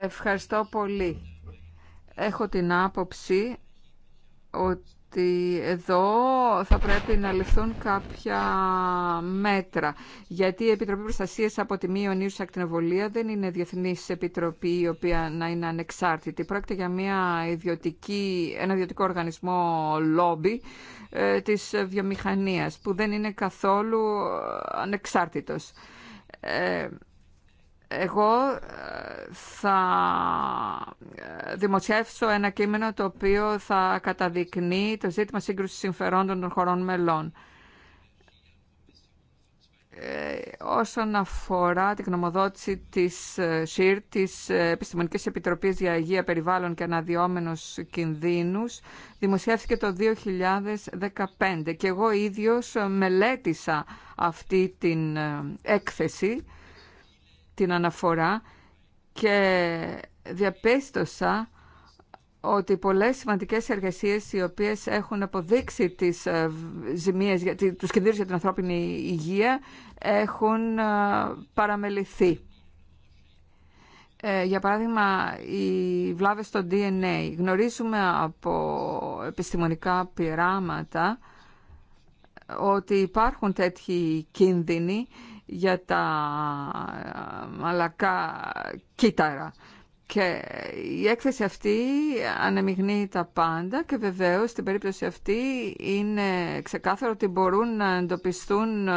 Speaker 2: Ευχαριστώ πολύ. Έχω την άποψη ότι ότι εδώ θα πρέπει να ληφθούν κάποια μέτρα. Γιατί η Επιτροπή Προστασία από τη μη ακτινοβολία δεν είναι διεθνή επιτροπή η οποία να είναι ανεξάρτητη. Πρόκειται για μια ιδιωτική, ένα ιδιωτικό οργανισμό λόμπι ε, της βιομηχανίας που δεν είναι καθόλου ανεξάρτητος. Ε, εγώ ε, θα ε, δημοσιεύσω ένα κείμενο το οποίο θα καταδεικνύει το ζήτημα σύγκρουσης συμφερόντων των χωρών μελών. Ε, όσον αφορά την γνωμοδότηση της ΣΥΡ, της Επιστημονικής Επιτροπής για Υγεία Περιβάλλον και Αναδιόμενους Κινδύνους, δημοσιεύθηκε το 2015 και εγώ ίδιος μελέτησα αυτή την έκθεση την αναφορά και διαπίστωσα ότι πολλές σημαντικές εργασίες οι οποίες έχουν αποδείξει τις ε, ζημίες, τους κινδύνους για την ανθρώπινη υγεία έχουν ε, παραμεληθεί. Ε, για παράδειγμα, οι βλάβες στο DNA. Γνωρίζουμε από επιστημονικά πειράματα ότι υπάρχουν τέτοιοι κίνδυνοι για τα ε, μαλακά κύτταρα. Και η έκθεση αυτή ανεμειγνύει τα πάντα και βεβαίως στην περίπτωση αυτή είναι ξεκάθαρο ότι μπορούν να εντοπιστούν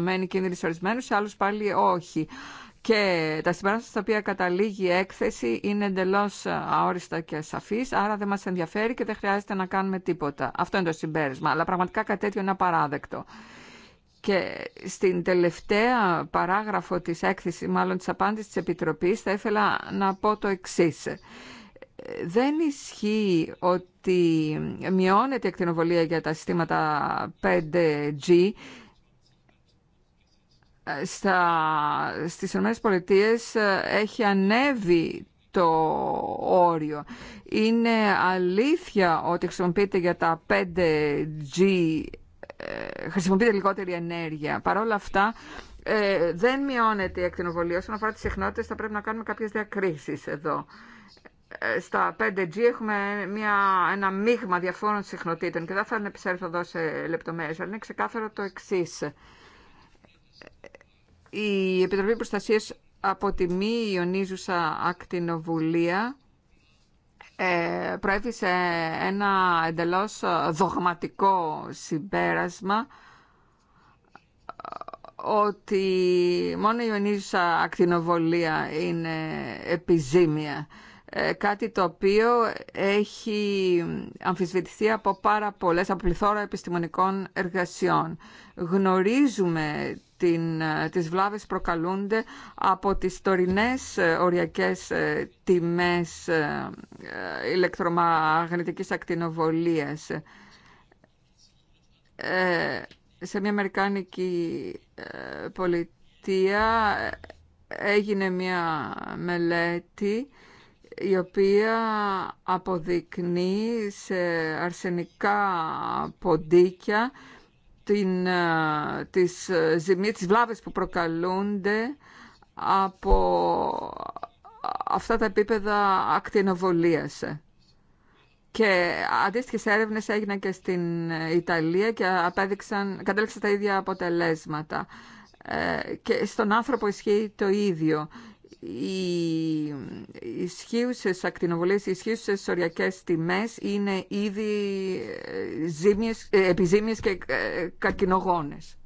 Speaker 2: με κίνδυνοι σε ορισμένους, σε άλλους πάλι όχι. Και τα συμπεράσματα στα οποία καταλήγει η έκθεση είναι εντελώ αόριστα και σαφής, άρα δεν μας ενδιαφέρει και δεν χρειάζεται να κάνουμε τίποτα. Αυτό είναι το συμπέρασμα, αλλά πραγματικά κάτι τέτοιο είναι απαράδεκτο. Και στην τελευταία παράγραφο της έκθεσης, μάλλον της απάντησης της Επιτροπής, θα ήθελα να πω το εξής. Δεν ισχύει ότι μειώνεται η ακτινοβολία για τα συστήματα 5G στα, στις ΗΠΑ ε, έχει ανέβει το όριο. Είναι αλήθεια ότι χρησιμοποιείται για τα 5G ε, χρησιμοποιείται λιγότερη ενέργεια. Παρ' όλα αυτά ε, δεν μειώνεται η ακτινοβολία. Όσον αφορά τι συχνότητες θα πρέπει να κάνουμε κάποιες διακρίσεις εδώ. Ε, στα 5G έχουμε μια, ένα μείγμα διαφόρων συχνοτήτων και δεν θα επισέλθω εδώ σε λεπτομέρειε, αλλά είναι ξεκάθαρο το εξή. Η Επιτροπή Προστασία αποτιμεί η ιονίζουσα ακτινοβουλία ε, ένα εντελώς ε, δογματικό συμπέρασμα ε, ότι μόνο η ιονίζουσα ακτινοβολία είναι επιζήμια. Ε, κάτι το οποίο έχει αμφισβητηθεί από πάρα πολλές, από πληθώρα επιστημονικών εργασιών. Γνωρίζουμε την, ε, τις βλάβες προκαλούνται από τις τωρινές ε, οριακές τιμές ηλεκτρομαγνητικής ακτινοβολίας. σε μια Αμερικάνικη πολιτεία έγινε μια μελέτη η οποία αποδεικνύει σε αρσενικά ποντίκια την, ε, τις, ε, ζημίες, τις βλάβες που προκαλούνται από αυτά τα επίπεδα ακτινοβολίας. Και αντίστοιχε έρευνε, έγιναν και στην ε, Ιταλία και απέδειξαν, κατέληξαν τα ίδια αποτελέσματα. και στον άνθρωπο ισχύει το ίδιο οι ισχύουσες ακτινοβολίες, οι ισχύουσες σωριακές τιμές είναι ήδη ε, ζήμιες, ε, επιζήμιες και ε, κακινογόνες.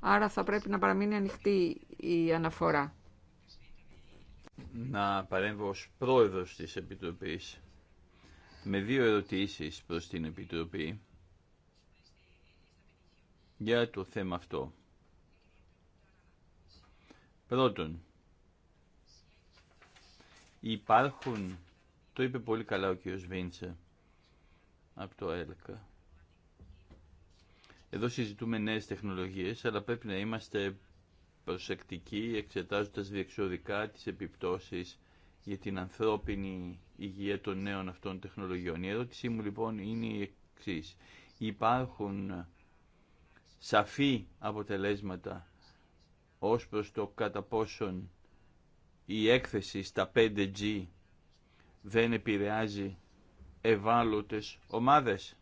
Speaker 2: Άρα θα πρέπει να παραμείνει ανοιχτή η αναφορά.
Speaker 3: Να παρέμβω ως πρόεδρος της Επιτροπής με δύο ερωτήσεις προς την Επιτροπή για το θέμα αυτό. Πρώτον, Υπάρχουν, το είπε πολύ καλά ο κύριος Βίντσε από το ΕΛΚΑ. Εδώ συζητούμε νέες τεχνολογίες, αλλά πρέπει να είμαστε προσεκτικοί εξετάζοντας διεξοδικά τις επιπτώσεις για την ανθρώπινη υγεία των νέων αυτών τεχνολογιών. Η ερώτησή μου λοιπόν είναι η εξή. Υπάρχουν σαφή αποτελέσματα ως προς το κατά πόσον η έκθεση στα 5G δεν επηρεάζει ευάλωτες ομάδες.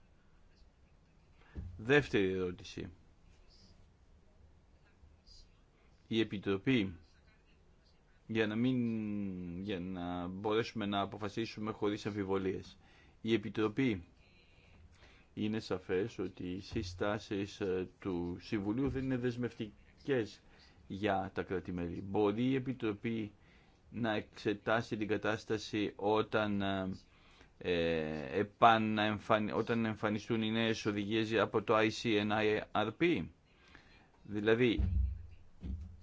Speaker 3: Δεύτερη ερώτηση. Η Επιτροπή για να, μην, για να μπορέσουμε να αποφασίσουμε χωρίς αμφιβολίες. Η Επιτροπή είναι σαφές ότι οι συστάσεις ε, του Συμβουλίου δεν είναι δεσμευτικές για τα κρατημέλη. Μπορεί η Επιτροπή να εξετάσει την κατάσταση όταν, ε, ε όταν εμφανιστούν οι νέες οδηγίες από το ICNIRP. Δηλαδή,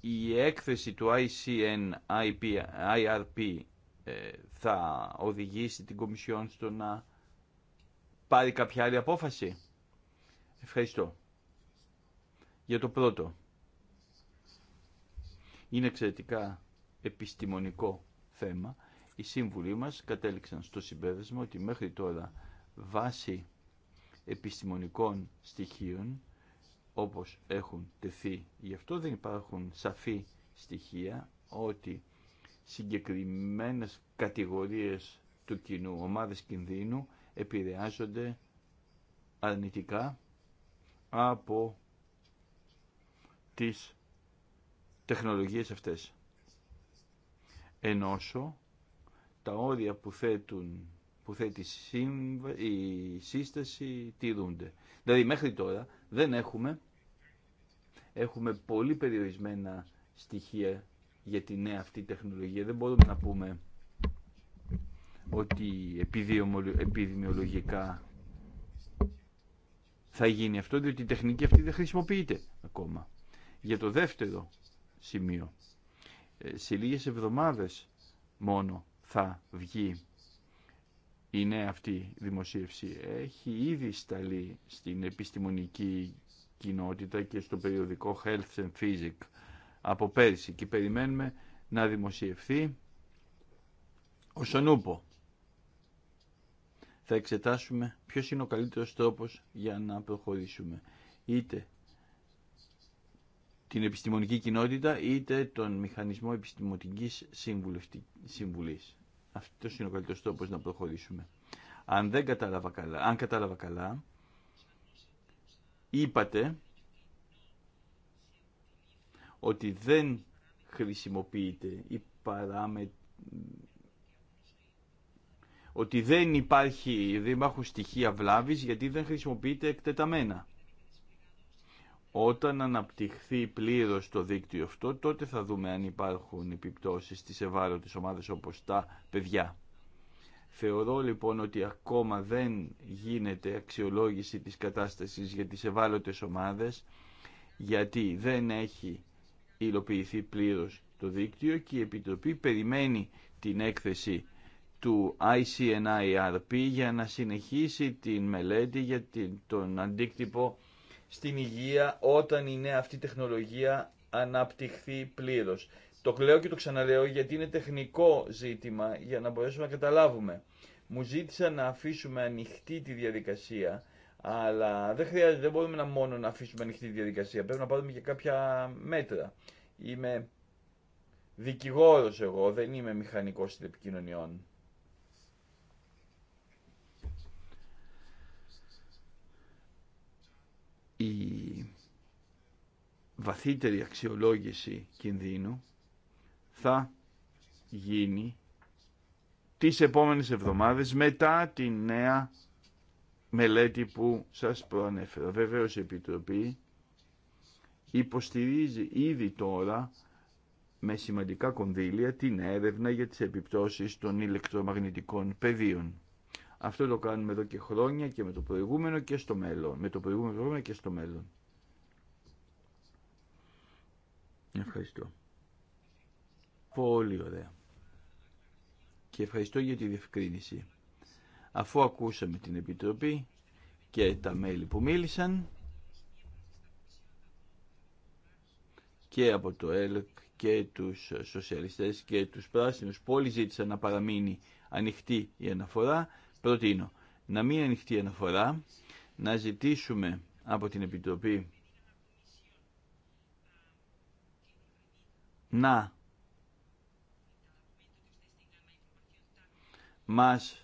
Speaker 3: η έκθεση του ICNIRP ε, θα οδηγήσει την Κομισιόν στο να πάρει κάποια άλλη απόφαση. Ευχαριστώ. Για το πρώτο. Είναι εξαιρετικά επιστημονικό θέμα, οι σύμβουλοι μας κατέληξαν στο συμπέρασμα ότι μέχρι τώρα βάσει επιστημονικών στοιχείων, όπως έχουν τεθεί, γι' αυτό δεν υπάρχουν σαφή στοιχεία ότι συγκεκριμένες κατηγορίες του κοινού, ομάδες κινδύνου, επηρεάζονται αρνητικά από τις τεχνολογίες αυτές ενώσω τα όρια που, θέτουν, που θέτει η σύσταση τηρούνται. Δηλαδή μέχρι τώρα δεν έχουμε, έχουμε πολύ περιορισμένα στοιχεία για τη νέα αυτή τεχνολογία. Δεν μπορούμε να πούμε ότι επιδημιολογικά θα γίνει αυτό, διότι η τεχνική αυτή δεν χρησιμοποιείται ακόμα. Για το δεύτερο σημείο, σε λίγες εβδομάδες μόνο θα βγει η νέα αυτή δημοσίευση. Έχει ήδη σταλεί στην επιστημονική κοινότητα και στο περιοδικό Health and Physics από πέρσι και περιμένουμε να δημοσιευθεί ο Σονούπο. Θα εξετάσουμε ποιος είναι ο καλύτερος τρόπος για να προχωρήσουμε. Είτε την επιστημονική κοινότητα είτε τον μηχανισμό επιστημονικής συμβουλής. Αυτό είναι ο καλύτερος τρόπος να προχωρήσουμε. Αν δεν κατάλαβα καλά, αν κατάλαβα είπατε ότι δεν χρησιμοποιείται η παράμε... ότι δεν υπάρχει, δεν υπάρχουν στοιχεία βλάβης γιατί δεν χρησιμοποιείται εκτεταμένα. Όταν αναπτυχθεί πλήρως το δίκτυο αυτό, τότε θα δούμε αν υπάρχουν επιπτώσεις στις ευάλωτες ομάδες όπως τα παιδιά. Θεωρώ λοιπόν ότι ακόμα δεν γίνεται αξιολόγηση της κατάστασης για τις ευάλωτες ομάδες, γιατί δεν έχει υλοποιηθεί πλήρως το δίκτυο και η Επιτροπή περιμένει την έκθεση του ICNIRP για να συνεχίσει την μελέτη για τον αντίκτυπο στην υγεία όταν η νέα αυτή τεχνολογία αναπτυχθεί πλήρως. Το λέω και το ξαναλέω γιατί είναι τεχνικό ζήτημα για να μπορέσουμε να καταλάβουμε. Μου ζήτησαν να αφήσουμε ανοιχτή τη διαδικασία, αλλά δεν χρειάζεται, δεν μπορούμε να μόνο να αφήσουμε ανοιχτή τη διαδικασία. Πρέπει να πάρουμε και κάποια μέτρα. Είμαι δικηγόρος εγώ, δεν είμαι μηχανικός επικοινωνιών. η βαθύτερη αξιολόγηση κινδύνου θα γίνει τις επόμενες εβδομάδες μετά τη νέα μελέτη που σας προανέφερα. Βεβαίως η Επιτροπή υποστηρίζει ήδη τώρα με σημαντικά κονδύλια την έρευνα για τις επιπτώσεις των ηλεκτρομαγνητικών πεδίων. Αυτό το κάνουμε εδώ και χρόνια και με το προηγούμενο και στο μέλλον. Με το προηγούμενο και στο μέλλον. Ευχαριστώ. Πολύ ωραία. Και ευχαριστώ για τη διευκρίνηση. Αφού ακούσαμε την Επιτροπή και τα μέλη που μίλησαν και από το ΕΛΚ και τους σοσιαλιστές και τους πράσινους που όλοι ζήτησαν να παραμείνει ανοιχτή η αναφορά προτείνω να μην ανοιχτεί αναφορά, να ζητήσουμε από την Επιτροπή να μας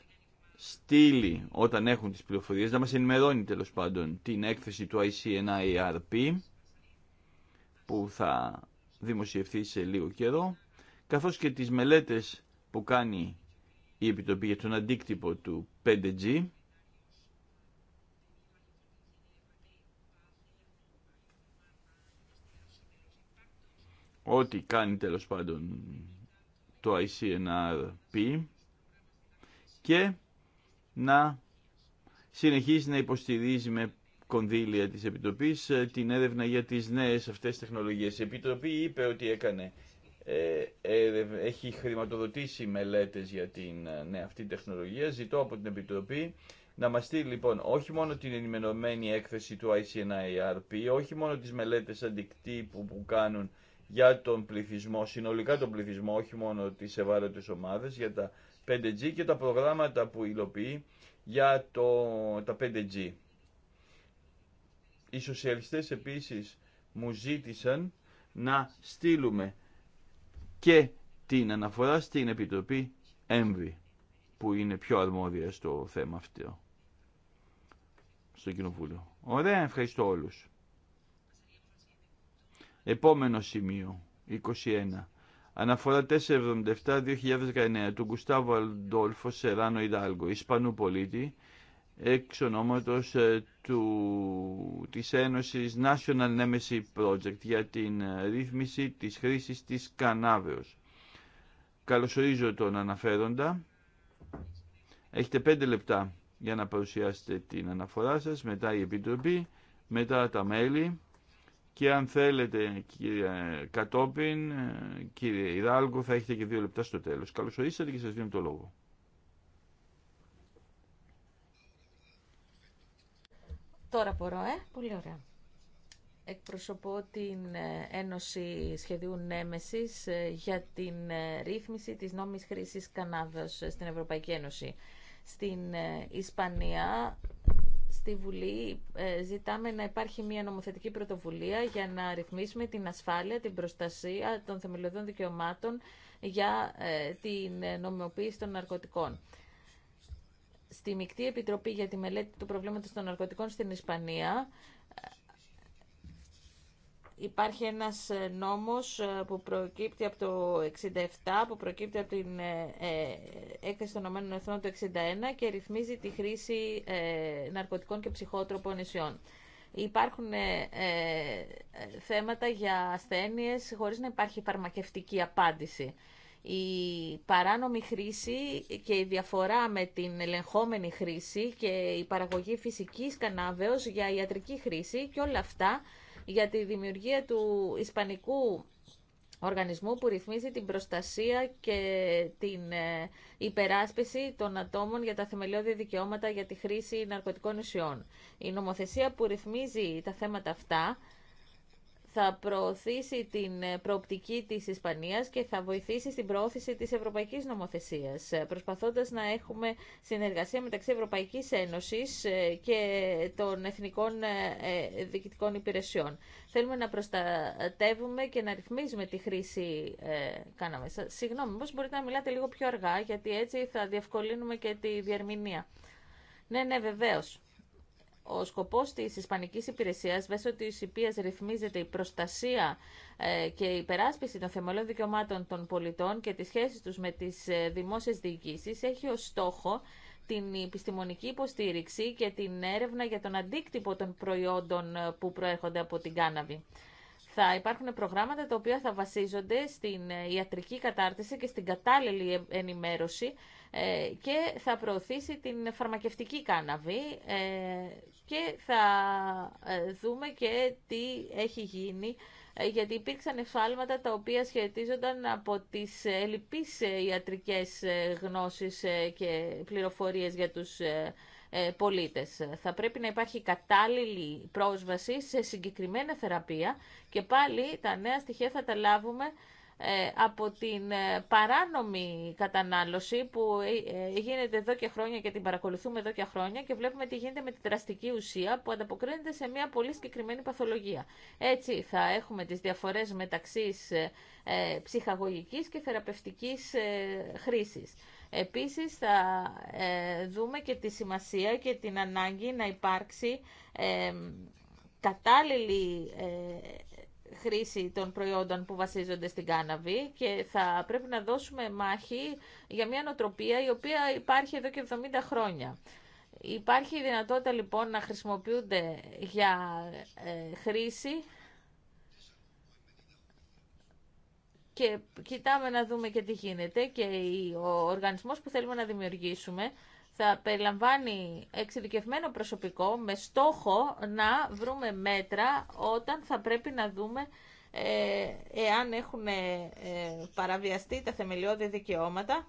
Speaker 3: στείλει όταν έχουν τις πληροφορίες, να μας ενημερώνει τέλος πάντων την έκθεση του ICNIRP e που θα δημοσιευθεί σε λίγο καιρό, καθώς και τις μελέτες που κάνει η Επιτροπή για τον αντίκτυπο του 5G ό,τι κάνει τέλο πάντων το ICNRP και να συνεχίσει να υποστηρίζει με κονδύλια της Επιτροπής ε, την έρευνα για τις νέες αυτές τεχνολογίες. Η Επιτροπή είπε ότι έκανε ε, ε, ε, έχει χρηματοδοτήσει μελέτες για την ναι, αυτή την τεχνολογία. Ζητώ από την Επιτροπή να μας στείλει λοιπόν όχι μόνο την ενημερωμένη έκθεση του ICNIRP, e όχι μόνο τις μελέτες αντικτύπου που κάνουν για τον πληθυσμό, συνολικά τον πληθυσμό, όχι μόνο τις ευάλωτες ομάδες, για τα 5G και τα προγράμματα που υλοποιεί για το, τα 5G. Οι σοσιαλιστές επίσης μου ζήτησαν να στείλουμε και την αναφορά στην Επιτροπή ΕΜΒΗ που είναι πιο αρμόδια στο θέμα αυτό στο Κοινοβούλιο. Ωραία, ευχαριστώ όλους. Επόμενο σημείο, 21. Αναφορά 477-2019 του Γκουστάβου Αλντόλφο Σεράνο Ιδάλγκο, Ισπανού πολίτη, εξ ονόματος ε, του, της Ένωσης National Nemesis Project για την ε, ρύθμιση της χρήσης της κανάβεως. Καλωσορίζω τον αναφέροντα. Έχετε πέντε λεπτά για να παρουσιάσετε την αναφορά σας, μετά η Επιτροπή, μετά τα μέλη και αν θέλετε κύριε Κατόπιν, ε, κύριε Ιδάλγκο, θα έχετε και δύο λεπτά στο τέλος. Καλωσορίσατε και σας δίνω το λόγο.
Speaker 1: Τώρα μπορώ, ε. Πολύ ωραία. Εκπροσωπώ την ε, Ένωση Σχεδίου Νέμεσης ε, για την ε, ρύθμιση της νόμης χρήσης Κανάδος στην Ευρωπαϊκή Ένωση. Στην Ισπανία, στη Βουλή, ζητάμε να υπάρχει μια νομοθετική πρωτοβουλία για να ρυθμίσουμε την ασφάλεια, την προστασία των θεμελιωδών δικαιωμάτων για την νομιμοποίηση των ναρκωτικών στη Μικτή Επιτροπή για τη Μελέτη του Προβλήματος των Ναρκωτικών στην Ισπανία υπάρχει ένας ε, νόμος ε, που προκύπτει από το 67, που προκύπτει από την ε, έκθεση των Ηνωμένων Εθνών το 61 και ρυθμίζει τη χρήση ναρκωτικών και ψυχότροπων νησιών. Υπάρχουν θέματα για ασθένειες χωρίς να υπάρχει φαρμακευτική απάντηση η παράνομη χρήση και η διαφορά με την ελεγχόμενη χρήση και η παραγωγή φυσικής κανάβεως για ιατρική χρήση και όλα αυτά για τη δημιουργία του Ισπανικού οργανισμού που ρυθμίζει την προστασία και την ε, υπεράσπιση των ατόμων για τα θεμελιώδη δικαιώματα για τη χρήση ναρκωτικών ουσιών. Η νομοθεσία που ρυθμίζει τα θέματα αυτά θα προωθήσει την ε, προοπτική της Ισπανίας και θα βοηθήσει στην προώθηση της ευρωπαϊκής νομοθεσίας, ε, προσπαθώντας να έχουμε συνεργασία μεταξύ Ευρωπαϊκής Ένωσης ε, και των εθνικών διοικητικών υπηρεσιών. Θέλουμε να προστατεύουμε και να ρυθμίζουμε τη χρήση κάναμες. Συγγνώμη, πώς μπορείτε να μιλάτε λίγο πιο αργά, γιατί έτσι θα διευκολύνουμε και τη διαρμηνία. Ναι, ναι, βεβαίως. Ο σκοπός της Ισπανικής Υπηρεσίας, βέσω τη οποία ρυθμίζεται η προστασία ε, και η υπεράσπιση των θεμελιών δικαιωμάτων των πολιτών και τις σχέσεις τους με τις ε, δημόσιες διοικήσεις, έχει ως στόχο την επιστημονική υποστήριξη και την έρευνα για τον αντίκτυπο των προϊόντων ε, που προέρχονται από την κάναβη. Θα υπάρχουν προγράμματα τα οποία θα βασίζονται στην ιατρική κατάρτιση και στην κατάλληλη ενημέρωση ε, και θα προωθήσει την φαρμακευτική κάναβη ε, και θα ε, δούμε και τι έχει γίνει γιατί υπήρξαν εφάλματα τα οποία σχετίζονταν από τις ελλειπείς ιατρικές γνώσεις και πληροφορίες για τους πολίτες. Θα πρέπει να υπάρχει κατάλληλη πρόσβαση σε συγκεκριμένα θεραπεία και πάλι τα νέα στοιχεία θα τα λάβουμε ε, από την ε, παράνομη κατανάλωση που ε, γίνεται εδώ και χρόνια και την παρακολουθούμε εδώ και χρόνια και βλέπουμε τι γίνεται με τη δραστική ουσία που ανταποκρίνεται σε μια πολύ συγκεκριμένη παθολογία. Έτσι θα έχουμε τις διαφορές μεταξύ ψυχαγωγικής και θεραπευτικής χρήσης. Επίσης θα δούμε και τη σημασία και την ανάγκη να υπάρξει κατάλληλη χρήση των προϊόντων που βασίζονται στην κάναβη και θα πρέπει να δώσουμε μάχη για μια νοτροπία η οποία υπάρχει εδώ και 70 χρόνια. Υπάρχει η δυνατότητα λοιπόν να χρησιμοποιούνται για ε, χρήση και κοιτάμε να δούμε και τι γίνεται και ο οργανισμός που θέλουμε να δημιουργήσουμε θα περιλαμβάνει εξειδικευμένο προσωπικό με στόχο να βρούμε μέτρα όταν θα πρέπει να δούμε ε, εάν έχουν ε, παραβιαστεί τα θεμελιώδη δικαιώματα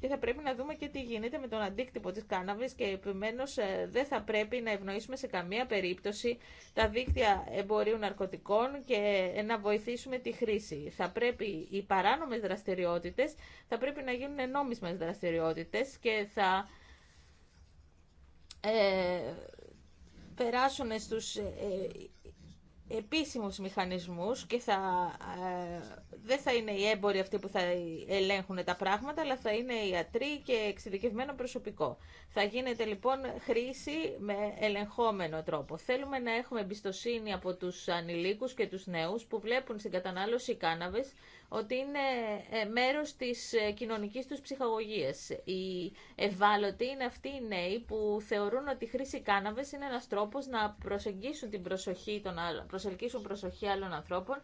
Speaker 1: και θα πρέπει να δούμε και τι γίνεται με τον αντίκτυπο της κάναβης και επιμένως ε, δεν θα πρέπει να ευνοήσουμε σε καμία περίπτωση τα δίκτυα εμπορίου ναρκωτικών και ε, να βοηθήσουμε τη χρήση. Θα πρέπει οι παράνομες δραστηριότητες θα πρέπει να γίνουν νόμισμες δραστηριότητες και θα ε, περάσουν στους ε, επίσημους μηχανισμούς και θα, ε, δεν θα είναι οι έμποροι αυτοί που θα ελέγχουν τα πράγματα, αλλά θα είναι οι ιατροί και εξειδικευμένο προσωπικό. Θα γίνεται λοιπόν χρήση με ελεγχόμενο τρόπο. Θέλουμε να έχουμε εμπιστοσύνη από τους ανηλίκους και τους νέους που βλέπουν στην κατανάλωση κάναβες ότι είναι ε, μέρος της ε, κοινωνικής τους ψυχαγωγίας. Οι ευάλωτοι είναι αυτοί οι νέοι που θεωρούν ότι η χρήση κάναβες είναι ένας τρόπος να προσεγγίσουν την προσοχή των άλλων, προσελκύσουν προσοχή άλλων ανθρώπων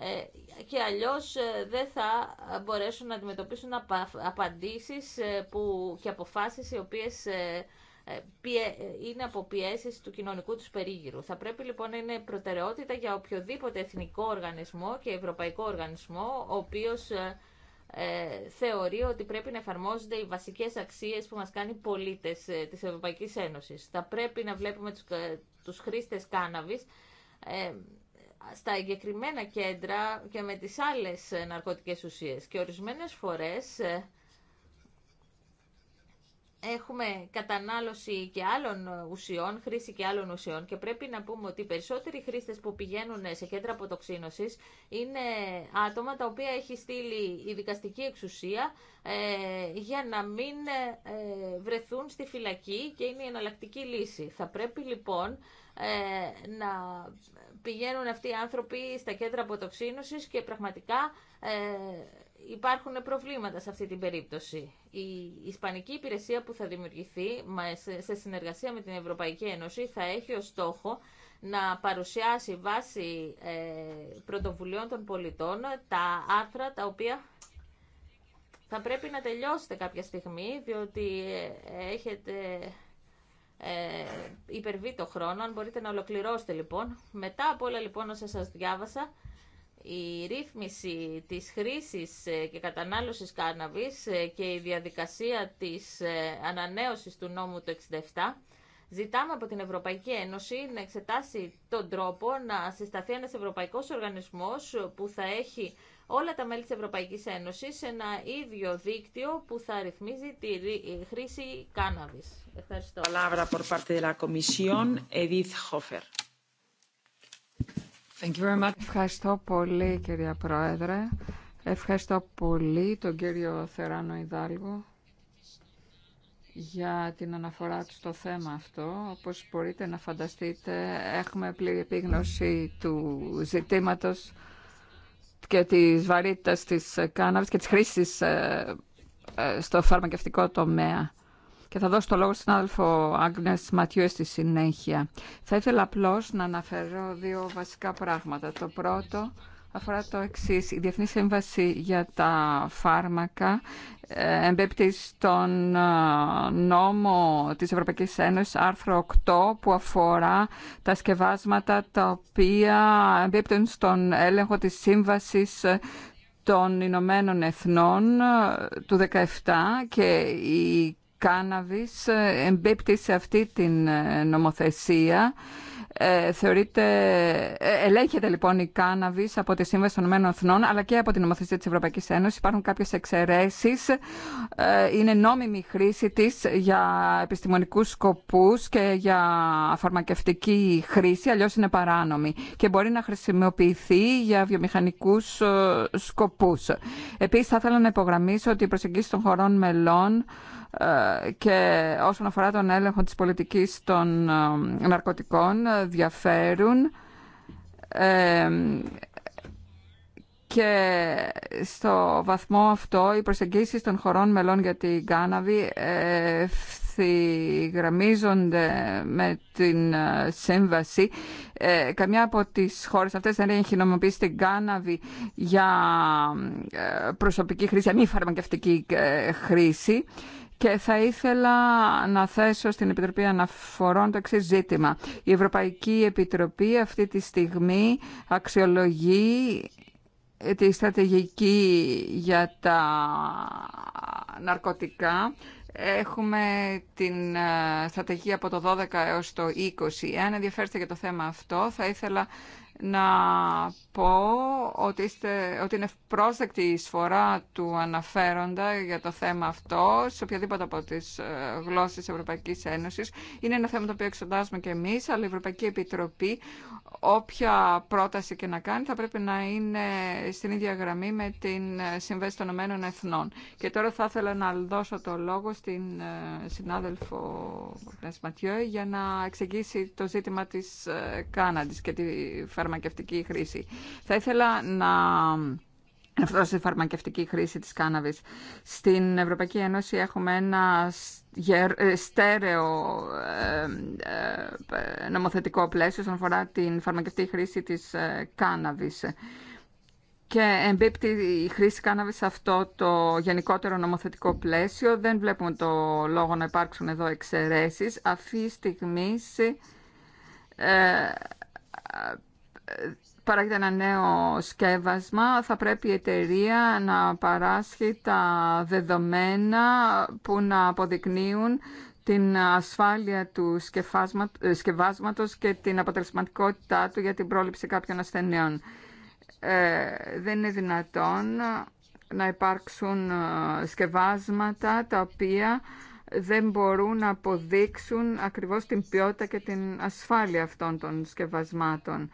Speaker 1: ε, και αλλιώς δεν θα μπορέσουν να αντιμετωπίσουν απαντήσεις που, και αποφάσεις οι οποίες ε, είναι από πιέσει του κοινωνικού του περίγυρου. Θα πρέπει λοιπόν να είναι προτεραιότητα για οποιοδήποτε εθνικό οργανισμό και ευρωπαϊκό οργανισμό, ο οποίο ε, ε, θεωρεί ότι πρέπει να εφαρμόζονται οι βασικές αξίες που μας κάνει πολίτες της Ευρωπαϊκής Ένωσης. Θα πρέπει να βλέπουμε τους, τους χρήστες στα εγκεκριμένα κέντρα και με τις άλλες ναρκωτικές ουσίες. Και ορισμένες φορές έχουμε κατανάλωση και άλλων ουσιών, χρήση και άλλων ουσιών και πρέπει να πούμε ότι οι περισσότεροι χρήστες που πηγαίνουν σε κέντρα αποτοξίνωσης είναι άτομα τα οποία έχει στείλει η δικαστική εξουσία ε, για να μην ε, βρεθούν στη φυλακή και είναι η εναλλακτική λύση. Θα πρέπει λοιπόν ε, να πηγαίνουν αυτοί οι άνθρωποι στα κέντρα αποτοξίνωσης και πραγματικά υπάρχουν προβλήματα σε αυτή την περίπτωση. Η Ισπανική υπηρεσία που θα δημιουργηθεί σε συνεργασία με την Ευρωπαϊκή Ένωση θα έχει ως στόχο να παρουσιάσει βάση ε, πρωτοβουλειών των πολιτών τα άρθρα τα οποία θα πρέπει να τελειώσετε κάποια στιγμή διότι ε, έχετε ε, υπερβεί το χρόνο. Αν μπορείτε να ολοκληρώσετε λοιπόν. Μετά από όλα λοιπόν όσα σας διάβασα η ρύθμιση της χρήσης ε, και κατανάλωσης κάναβης ε, και η διαδικασία της ε, ανανέωσης του νόμου του 67 Ζητάμε από την Ευρωπαϊκή Ένωση να εξετάσει τον τρόπο να συσταθεί ένας ευρωπαϊκός οργανισμός που θα έχει όλα τα μέλη της Ευρωπαϊκής Ένωσης σε ένα ίδιο δίκτυο που θα ρυθμίζει τη χρήση κάναβης. Ευχαριστώ.
Speaker 2: por parte Ευχαριστώ πολύ κυρία Πρόεδρε. Ευχαριστώ πολύ τον κύριο Θεράνο Ιδάλγο για την αναφορά του στο θέμα αυτό. Όπως μπορείτε να φανταστείτε, έχουμε πλήρη επίγνωση του ζητήματος και της βαρύτητας της κάναβης και της χρήσης ε, ε, στο φαρμακευτικό τομέα θα δώσω το λόγο στην άδελφο Άγνες Ματιού στη συνέχεια. Θα ήθελα απλώς να αναφέρω δύο βασικά πράγματα. Το πρώτο αφορά το εξή. Η Διεθνή Σύμβαση για τα Φάρμακα ε, εμπέπτει στον ε, νόμο της Ευρωπαϊκής Ένωσης άρθρο 8 που αφορά τα σκευάσματα τα οποία εμπέπτουν στον έλεγχο της Σύμβασης ε, των Ηνωμένων Εθνών του 2017 και η κάναβης ε, εμπίπτει σε αυτή την ε, νομοθεσία. Ε, θεωρείται, ε, ελέγχεται λοιπόν η κάναβης από τη Σύμβαση των Ηνωμένων Εθνών αλλά και από την νομοθεσία της Ευρωπαϊκής Ένωσης. Υπάρχουν κάποιες εξαιρέσεις. Ε, είναι νόμιμη χρήση της για επιστημονικούς σκοπούς και για φαρμακευτική χρήση, αλλιώς είναι παράνομη και μπορεί να χρησιμοποιηθεί για βιομηχανικούς σκοπούς. Επίσης θα ήθελα να υπογραμμίσω ότι η προσεγγίση των χωρών μελών ε, και όσον αφορά τον έλεγχο της πολιτικής των ε, ναρκωτικών ε, διαφέρουν και στο βαθμό αυτό οι προσεγγίσεις των χωρών μελών για την κάναβη ευθυγραμμίζονται με την σύμβαση. Ε, καμιά από τις χώρες αυτές δεν έχει νομιμοποιήσει την κάναβη για προσωπική χρήση, για μη φαρμακευτική χρήση και θα ήθελα να θέσω στην Επιτροπή Αναφορών το εξή ζήτημα. Η Ευρωπαϊκή Επιτροπή αυτή τη στιγμή αξιολογεί τη στρατηγική για τα ναρκωτικά. Έχουμε την ε, στρατηγική από το 12 έως το 20. Εάν ενδιαφέρεστε για το θέμα αυτό, θα ήθελα να πω ότι, είναι πρόσδεκτη η εισφορά του αναφέροντα για το θέμα αυτό σε οποιαδήποτε από τις ε, γλώσσες Ευρωπαϊκής Ένωσης. Είναι ένα θέμα το οποίο εξετάζουμε και εμείς, αλλά η Ευρωπαϊκή Επιτροπή όποια πρόταση και να κάνει θα πρέπει να είναι στην ίδια γραμμή με την ε, Συμβέση των Ηνωμένων Εθνών. Και τώρα θα ήθελα να δώσω το λόγο στην ε, συνάδελφο Ματιό για να εξηγήσει το ζήτημα της Κάναντης και τη φαρμακευτική χρήση. Θα ήθελα να αυτό στη φαρμακευτική χρήση της κάναβης. Στην Ευρωπαϊκή Ένωση έχουμε ένα ε, στέρεο ε, ε, νομοθετικό πλαίσιο όσον αφορά την φαρμακευτική χρήση της κάναβης. Και εμπίπτει η χρήση κάναβη σε αυτό το γενικότερο νομοθετικό πλαίσιο. Δεν βλέπουμε το λόγο να υπάρξουν εδώ εξαιρέσεις. Αυτή στιγμή παράγεται ένα νέο σκεύασμα, θα πρέπει η εταιρεία να παράσχει τα δεδομένα που να αποδεικνύουν την ασφάλεια του ε, σκευάσματος και την αποτελεσματικότητά του για την πρόληψη κάποιων ασθενειών. Ε, δεν είναι δυνατόν να υπάρξουν ε, σκευάσματα τα οποία δεν μπορούν να αποδείξουν ακριβώς την ποιότητα και την ασφάλεια αυτών των σκευασμάτων.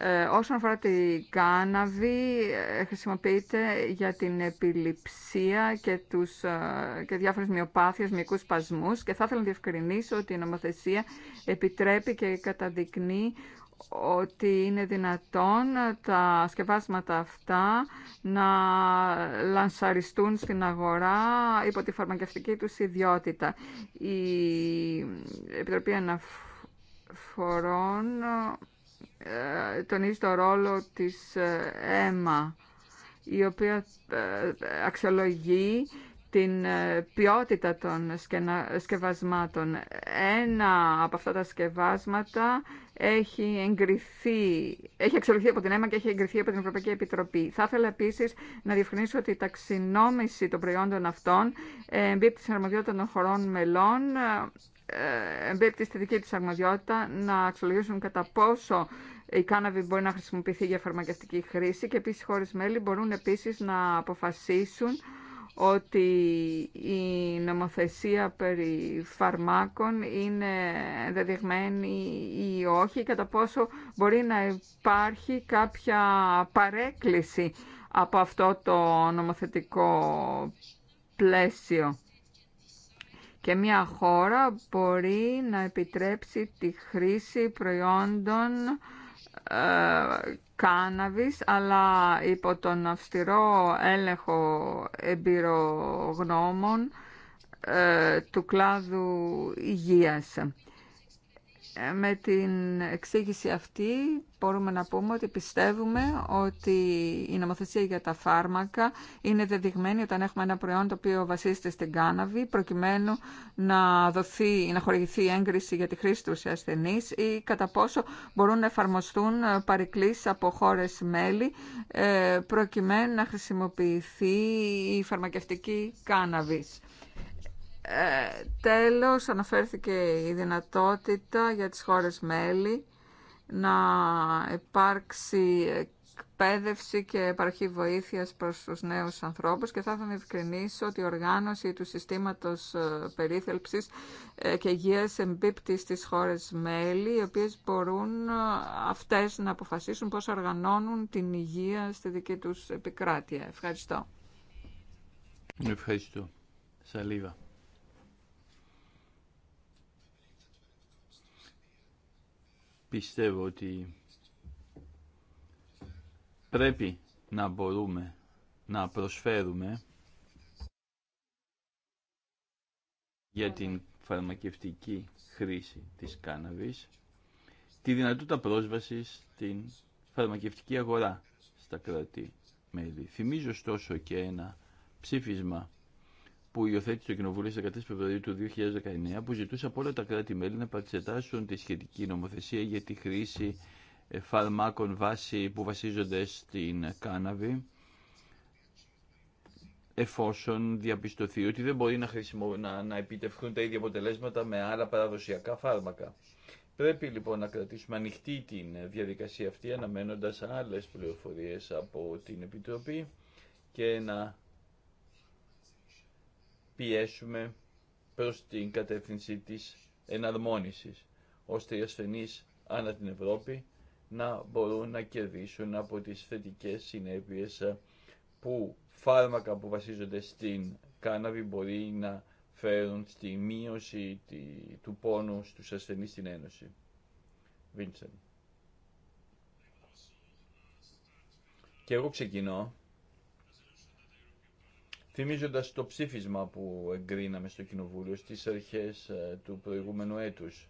Speaker 2: Ε, όσον αφορά τη κάναβη, ε, χρησιμοποιείται για την επιληψία και, τους, ε, και διάφορες μυοπάθειες, μυϊκούς σπασμούς και θα ήθελα να διευκρινίσω ότι η νομοθεσία επιτρέπει και καταδεικνύει ότι είναι δυνατόν τα σκευάσματα αυτά να λανσαριστούν στην αγορά υπό τη φαρμακευτική τους ιδιότητα. Η Επιτροπή Αναφορών ε, τονίζει το ρόλο της ε, αίμα, η οποία ε, αξιολογεί την ποιότητα των σκευασμάτων. Ένα από αυτά τα σκευάσματα έχει εγκριθεί, έχει αξιολογηθεί από την ΕΜΑ και έχει εγκριθεί από την Ευρωπαϊκή Επιτροπή. Θα ήθελα επίση να διευκρινίσω ότι η ταξινόμηση των προϊόντων αυτών εμπίπτει στην αρμοδιότητα των χωρών μελών, εμπίπτει στη δική του αρμοδιότητα να αξιολογήσουν κατά πόσο η κάναβη μπορεί να χρησιμοποιηθεί για φαρμακευτική χρήση και επίσης οι χώρες μέλη μπορούν επίσης να αποφασίσουν ότι η νομοθεσία περί φαρμάκων είναι δεδειγμένη ή όχι, κατά πόσο μπορεί να υπάρχει κάποια παρέκκληση από αυτό το νομοθετικό πλαίσιο και μια χώρα μπορεί να επιτρέψει τη χρήση προϊόντων ε, αλλά υπό τον αυστηρό έλεγχο εμπειρογνώμων ε, του κλάδου υγείας με την εξήγηση αυτή μπορούμε να πούμε ότι πιστεύουμε ότι η νομοθεσία για τα φάρμακα είναι δεδειγμένη όταν έχουμε ένα προϊόν το οποίο βασίζεται στην κάναβη προκειμένου να, δοθεί, να χορηγηθεί έγκριση για τη χρήση του σε ασθενείς ή κατά πόσο μπορούν να εφαρμοστούν παρεκκλήσεις από χώρες μέλη ε, προκειμένου να χρησιμοποιηθεί η κατα ποσο μπορουν να εφαρμοστουν παρικλησεις απο χωρες κάναβης. Ε, τέλος, αναφέρθηκε η δυνατότητα για τις χώρες μέλη να υπάρξει εκπαίδευση και επαρχή βοήθειας προς τους νέους ανθρώπους και θα ήθελα να ευκρινίσω ότι η οργάνωση του συστήματος ε, περίθελψης ε, και υγείας εμπίπτει στις χώρες μέλη, οι οποίες μπορούν αυτές να αποφασίσουν πώς οργανώνουν την υγεία στη δική τους επικράτεια. Ευχαριστώ.
Speaker 3: Ευχαριστώ. Σαλίβα. πιστεύω ότι πρέπει να μπορούμε να προσφέρουμε για την φαρμακευτική χρήση της κάναβης τη δυνατότητα πρόσβασης στην φαρμακευτική αγορά στα κράτη-μέλη. Θυμίζω ωστόσο και ένα ψήφισμα που υιοθέτησε το Κοινοβούλιο στι 13 Φεβρουαρίου του 2019 που ζητούσε από όλα τα κράτη-μέλη να παρεξετάσουν τη σχετική νομοθεσία για τη χρήση ε, φαρμάκων βάση που βασίζονται στην κάναβη εφόσον διαπιστωθεί ότι δεν μπορεί να, χρησιμο... να, να επιτευχθούν τα ίδια αποτελέσματα με άλλα παραδοσιακά φάρμακα. Πρέπει λοιπόν να κρατήσουμε ανοιχτή την διαδικασία αυτή αναμένοντας άλλες πληροφορίες από την Επιτροπή και να πιέσουμε προς την κατεύθυνση της εναρμόνισης, ώστε οι ασθενείς ανά την Ευρώπη να μπορούν να κερδίσουν από τις θετικές συνέπειες ε, που φάρμακα που βασίζονται στην κάναβη μπορεί να φέρουν στη μείωση του πόνου στους ασθενείς στην Ένωση. Βίντσεν. Και εγώ ξεκινώ θυμίζοντας το ψήφισμα που εγκρίναμε στο Κοινοβούλιο στις αρχές ε, του προηγούμενου έτους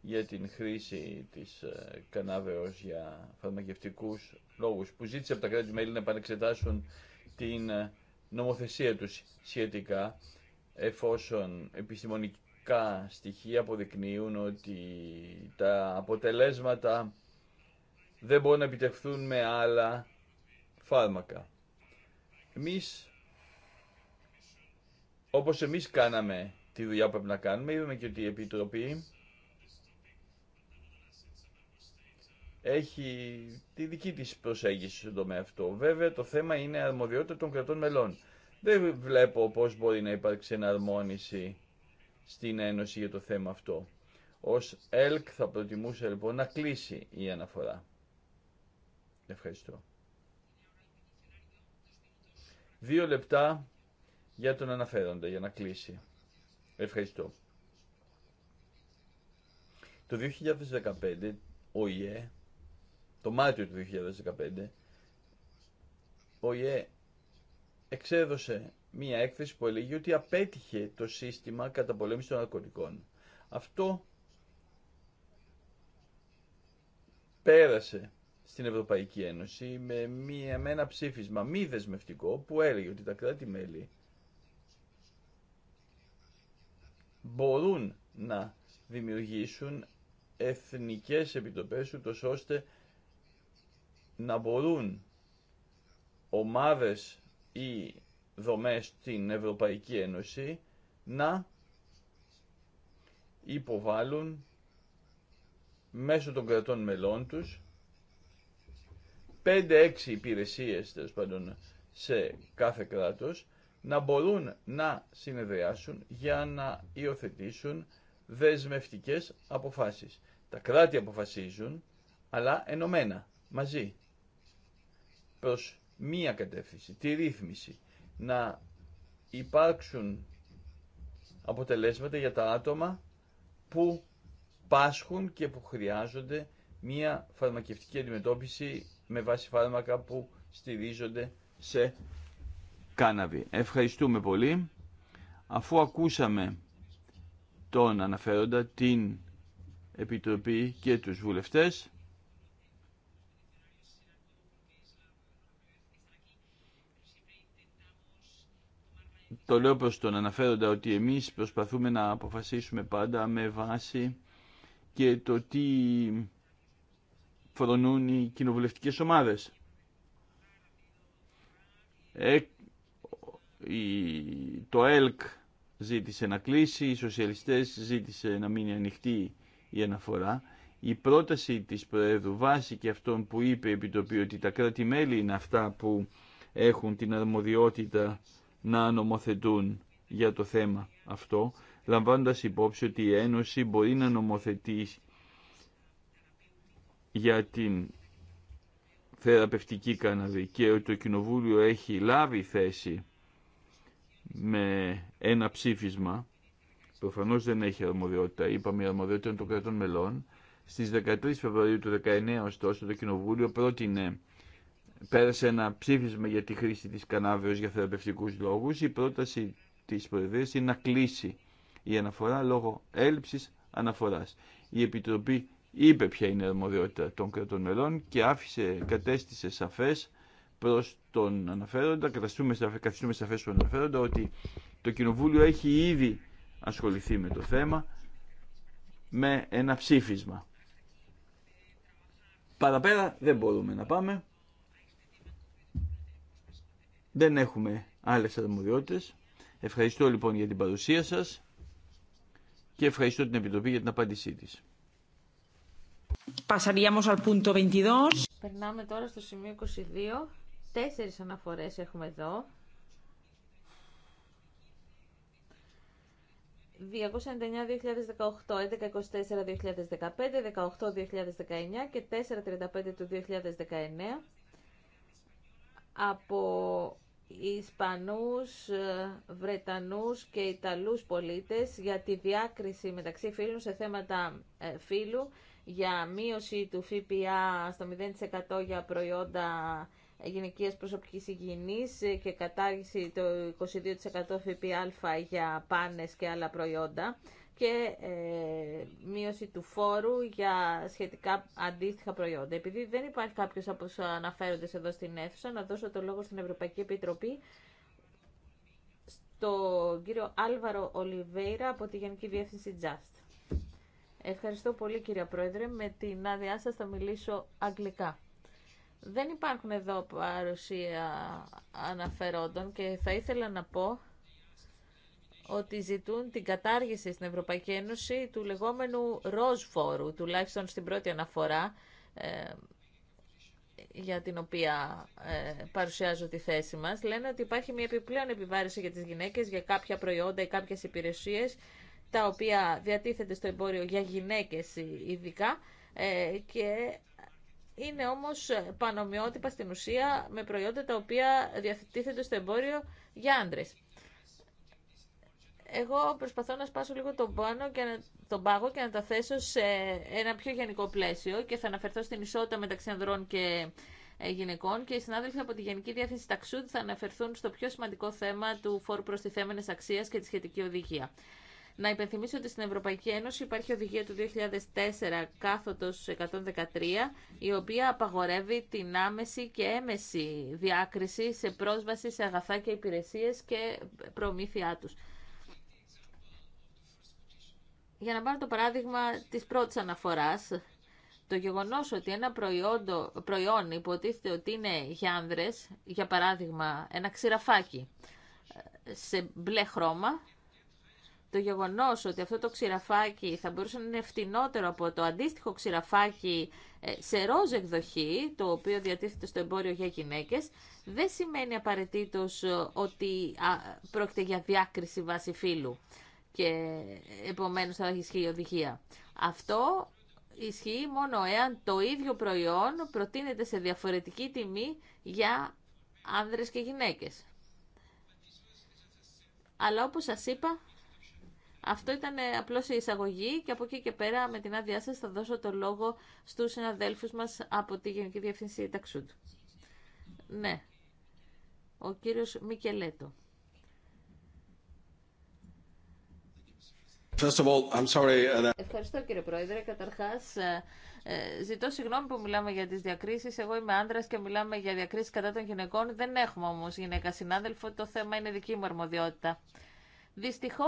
Speaker 3: για την χρήση της ε, κανάβεως για φαρμακευτικούς λόγους που ζήτησε από τα κράτη-μέλη να επανεξετάσουν την ε, νομοθεσία τους σχετικά εφόσον επιστημονικά στοιχεία αποδεικνύουν ότι τα αποτελέσματα δεν μπορούν να επιτευχθούν με άλλα φάρμακα. Εμείς όπως εμείς κάναμε τη δουλειά που πρέπει να κάνουμε, είδαμε και ότι η Επιτροπή έχει τη δική της προσέγγιση στον τομέα αυτό. Βέβαια το θέμα είναι αρμοδιότητα των κρατών μελών. Δεν βλέπω πώς μπορεί να υπάρξει εναρμόνιση στην Ένωση για το θέμα αυτό. Ως ΕΛΚ θα προτιμούσα λοιπόν να κλείσει η αναφορά. Ευχαριστώ. Δύο λεπτά για τον αναφέροντα, για να κλείσει. Ευχαριστώ. Το 2015, ο ΙΕ, το Μάρτιο του 2015, ο ΙΕ εξέδωσε μία έκθεση που έλεγε ότι απέτυχε το σύστημα καταπολέμησης των ναρκωτικών. Αυτό πέρασε στην Ευρωπαϊκή Ένωση με, μία, με ένα ψήφισμα μη δεσμευτικό που έλεγε ότι τα κράτη-μέλη μπορούν να δημιουργήσουν εθνικές επιτροπές ούτως ώστε να μπορούν ομάδες ή δομές στην Ευρωπαϊκή Ένωση να υποβάλουν μέσω των κρατών μελών τους 5-6 υπηρεσίες πάντων σε κάθε κράτος να μπορούν να συνεδριάσουν για να υιοθετήσουν δεσμευτικές αποφάσεις. Τα κράτη αποφασίζουν, αλλά ενωμένα, μαζί, προς μία κατεύθυνση, τη ρύθμιση, να υπάρξουν αποτελέσματα για τα άτομα που πάσχουν και που χρειάζονται μία φαρμακευτική αντιμετώπιση με βάση φάρμακα που στηρίζονται σε κάναβη. Ευχαριστούμε πολύ. Αφού ακούσαμε τον αναφέροντα, την Επιτροπή και τους βουλευτές, το λέω προς τον αναφέροντα ότι εμείς προσπαθούμε να αποφασίσουμε πάντα με βάση και το τι φρονούν οι κοινοβουλευτικές ομάδες. Ε, το ΕΛΚ ζήτησε να κλείσει, οι σοσιαλιστές ζήτησε να μείνει ανοιχτή η αναφορά. Η πρόταση της Προέδρου βάσει και αυτόν που είπε επί το οποίο ότι τα κράτη-μέλη είναι αυτά που έχουν την αρμοδιότητα να νομοθετούν για το θέμα αυτό, λαμβάνοντας υπόψη ότι η Ένωση μπορεί να νομοθετεί για την θεραπευτική κάναδη και ότι το Κοινοβούλιο έχει λάβει θέση με ένα ψήφισμα, προφανώς δεν έχει αρμοδιότητα, είπαμε η αρμοδιότητα των κρατών μελών, στις 13 Φεβρουαρίου του 19 ωστόσο το Κοινοβούλιο πρότεινε πέρασε ένα ψήφισμα για τη χρήση της κανάβεως για θεραπευτικούς λόγους. Η πρόταση της Προεδρίας είναι να κλείσει η αναφορά λόγω έλλειψης αναφοράς. Η Επιτροπή είπε ποια είναι η αρμοδιότητα των κρατών μελών και άφησε, κατέστησε σαφές προ τον αναφέροντα, καθιστούμε σαφέ στον αναφέροντα ότι το Κοινοβούλιο έχει ήδη ασχοληθεί με το θέμα με ένα ψήφισμα. Παραπέρα δεν μπορούμε να πάμε. Δεν έχουμε άλλες αρμοδιότητες. Ευχαριστώ λοιπόν για την παρουσία σας και ευχαριστώ την Επιτροπή για την απάντησή της.
Speaker 1: Περνάμε τώρα στο σημείο 22. Τέσσερις αναφορές έχουμε εδώ. 299-2018, 1124-2015, 18-2019 και 435 του 2019 από Ισπανούς, Βρετανούς και Ιταλούς πολίτες για τη διάκριση μεταξύ φίλων σε θέματα ε, φύλου για μείωση του ΦΠΑ στο 0% για προϊόντα γυναικείας προσωπική υγιεινή ε, και κατάργηση το 22% ΦΠΑ για πάνες και άλλα προϊόντα και ε, μείωση του φόρου για σχετικά αντίστοιχα προϊόντα. Επειδή δεν υπάρχει κάποιος από τους αναφέροντε εδώ στην αίθουσα, να δώσω το λόγο στην Ευρωπαϊκή Επιτροπή στον κύριο Άλβαρο Ολιβέηρα από τη Γενική Διεύθυνση Just. Ευχαριστώ πολύ κύριε Πρόεδρε. Με την άδειά σας θα μιλήσω αγγλικά. Δεν υπάρχουν εδώ παρουσία αναφερόντων και θα ήθελα να πω ότι ζητούν την κατάργηση στην Ευρωπαϊκή Ένωση του λεγόμενου ροζ φόρου, τουλάχιστον στην πρώτη αναφορά ε, για την οποία ε, παρουσιάζω τη θέση μας, λένε ότι υπάρχει μια επιπλέον επιβάρηση για τις γυναίκες για κάποια προϊόντα ή κάποιες υπηρεσίες τα οποία διατίθεται στο εμπόριο για γυναίκες ειδικά ε, και είναι όμως πανομοιότυπα στην ουσία με προϊόντα τα οποία διατίθενται στο εμπόριο για άντρε. Εγώ προσπαθώ να σπάσω λίγο τον, και να, τον πάγο και να τα θέσω σε ένα πιο γενικό πλαίσιο και θα αναφερθώ στην ισότητα μεταξύ ανδρών και ε, γυναικών και οι συνάδελφοι από τη Γενική Διάθεση Ταξούντ θα αναφερθούν στο πιο σημαντικό θέμα του φόρου τη Θεμενή αξίας και τη σχετική οδηγία. Να υπενθυμίσω ότι στην Ευρωπαϊκή Ένωση υπάρχει οδηγία του 2004 κάθοτος 113, η οποία απαγορεύει την άμεση και έμεση διάκριση σε πρόσβαση σε αγαθά και υπηρεσίες και προμήθειά τους. Για να πάρω το παράδειγμα της πρώτης αναφοράς, το γεγονός ότι ένα προϊόν υποτίθεται ότι είναι για άνδρες, για παράδειγμα ένα ξηραφάκι σε μπλε χρώμα, το γεγονό ότι αυτό το ξηραφάκι θα μπορούσε να είναι φτηνότερο από το αντίστοιχο ξηραφάκι ε, σε ροζ εκδοχή, το οποίο διατίθεται στο εμπόριο για γυναίκε, δεν σημαίνει απαραίτητο ε, ότι πρόκειται για διάκριση βάση φύλου και ε, επομένως θα ισχύει η οδηγία. Αυτό ισχύει μόνο εάν το ίδιο προϊόν προτείνεται σε διαφορετική τιμή για άνδρες και γυναίκες. Αλλά όπως σας είπα, αυτό ήταν ε, απλώ η εισαγωγή και από εκεί και πέρα με την άδειά σα θα δώσω το λόγο στου συναδέλφου μα από τη Γενική Διευθυνσία Ταξούντ. Ναι, ο κύριος Μικελέτο.
Speaker 3: First of all, I'm sorry. Uh,
Speaker 1: Ευχαριστώ κύριε Πρόεδρε. Καταρχάς, ε, ε, ζητώ συγγνώμη που μιλάμε για τις διακρίσεις. Εγώ είμαι άντρα και μιλάμε για διακρίσεις κατά των γυναικών. Δεν έχουμε όμως γυναίκα συνάδελφο. Το θέμα είναι δική μου αρμοδιότητα. Δυστυχώ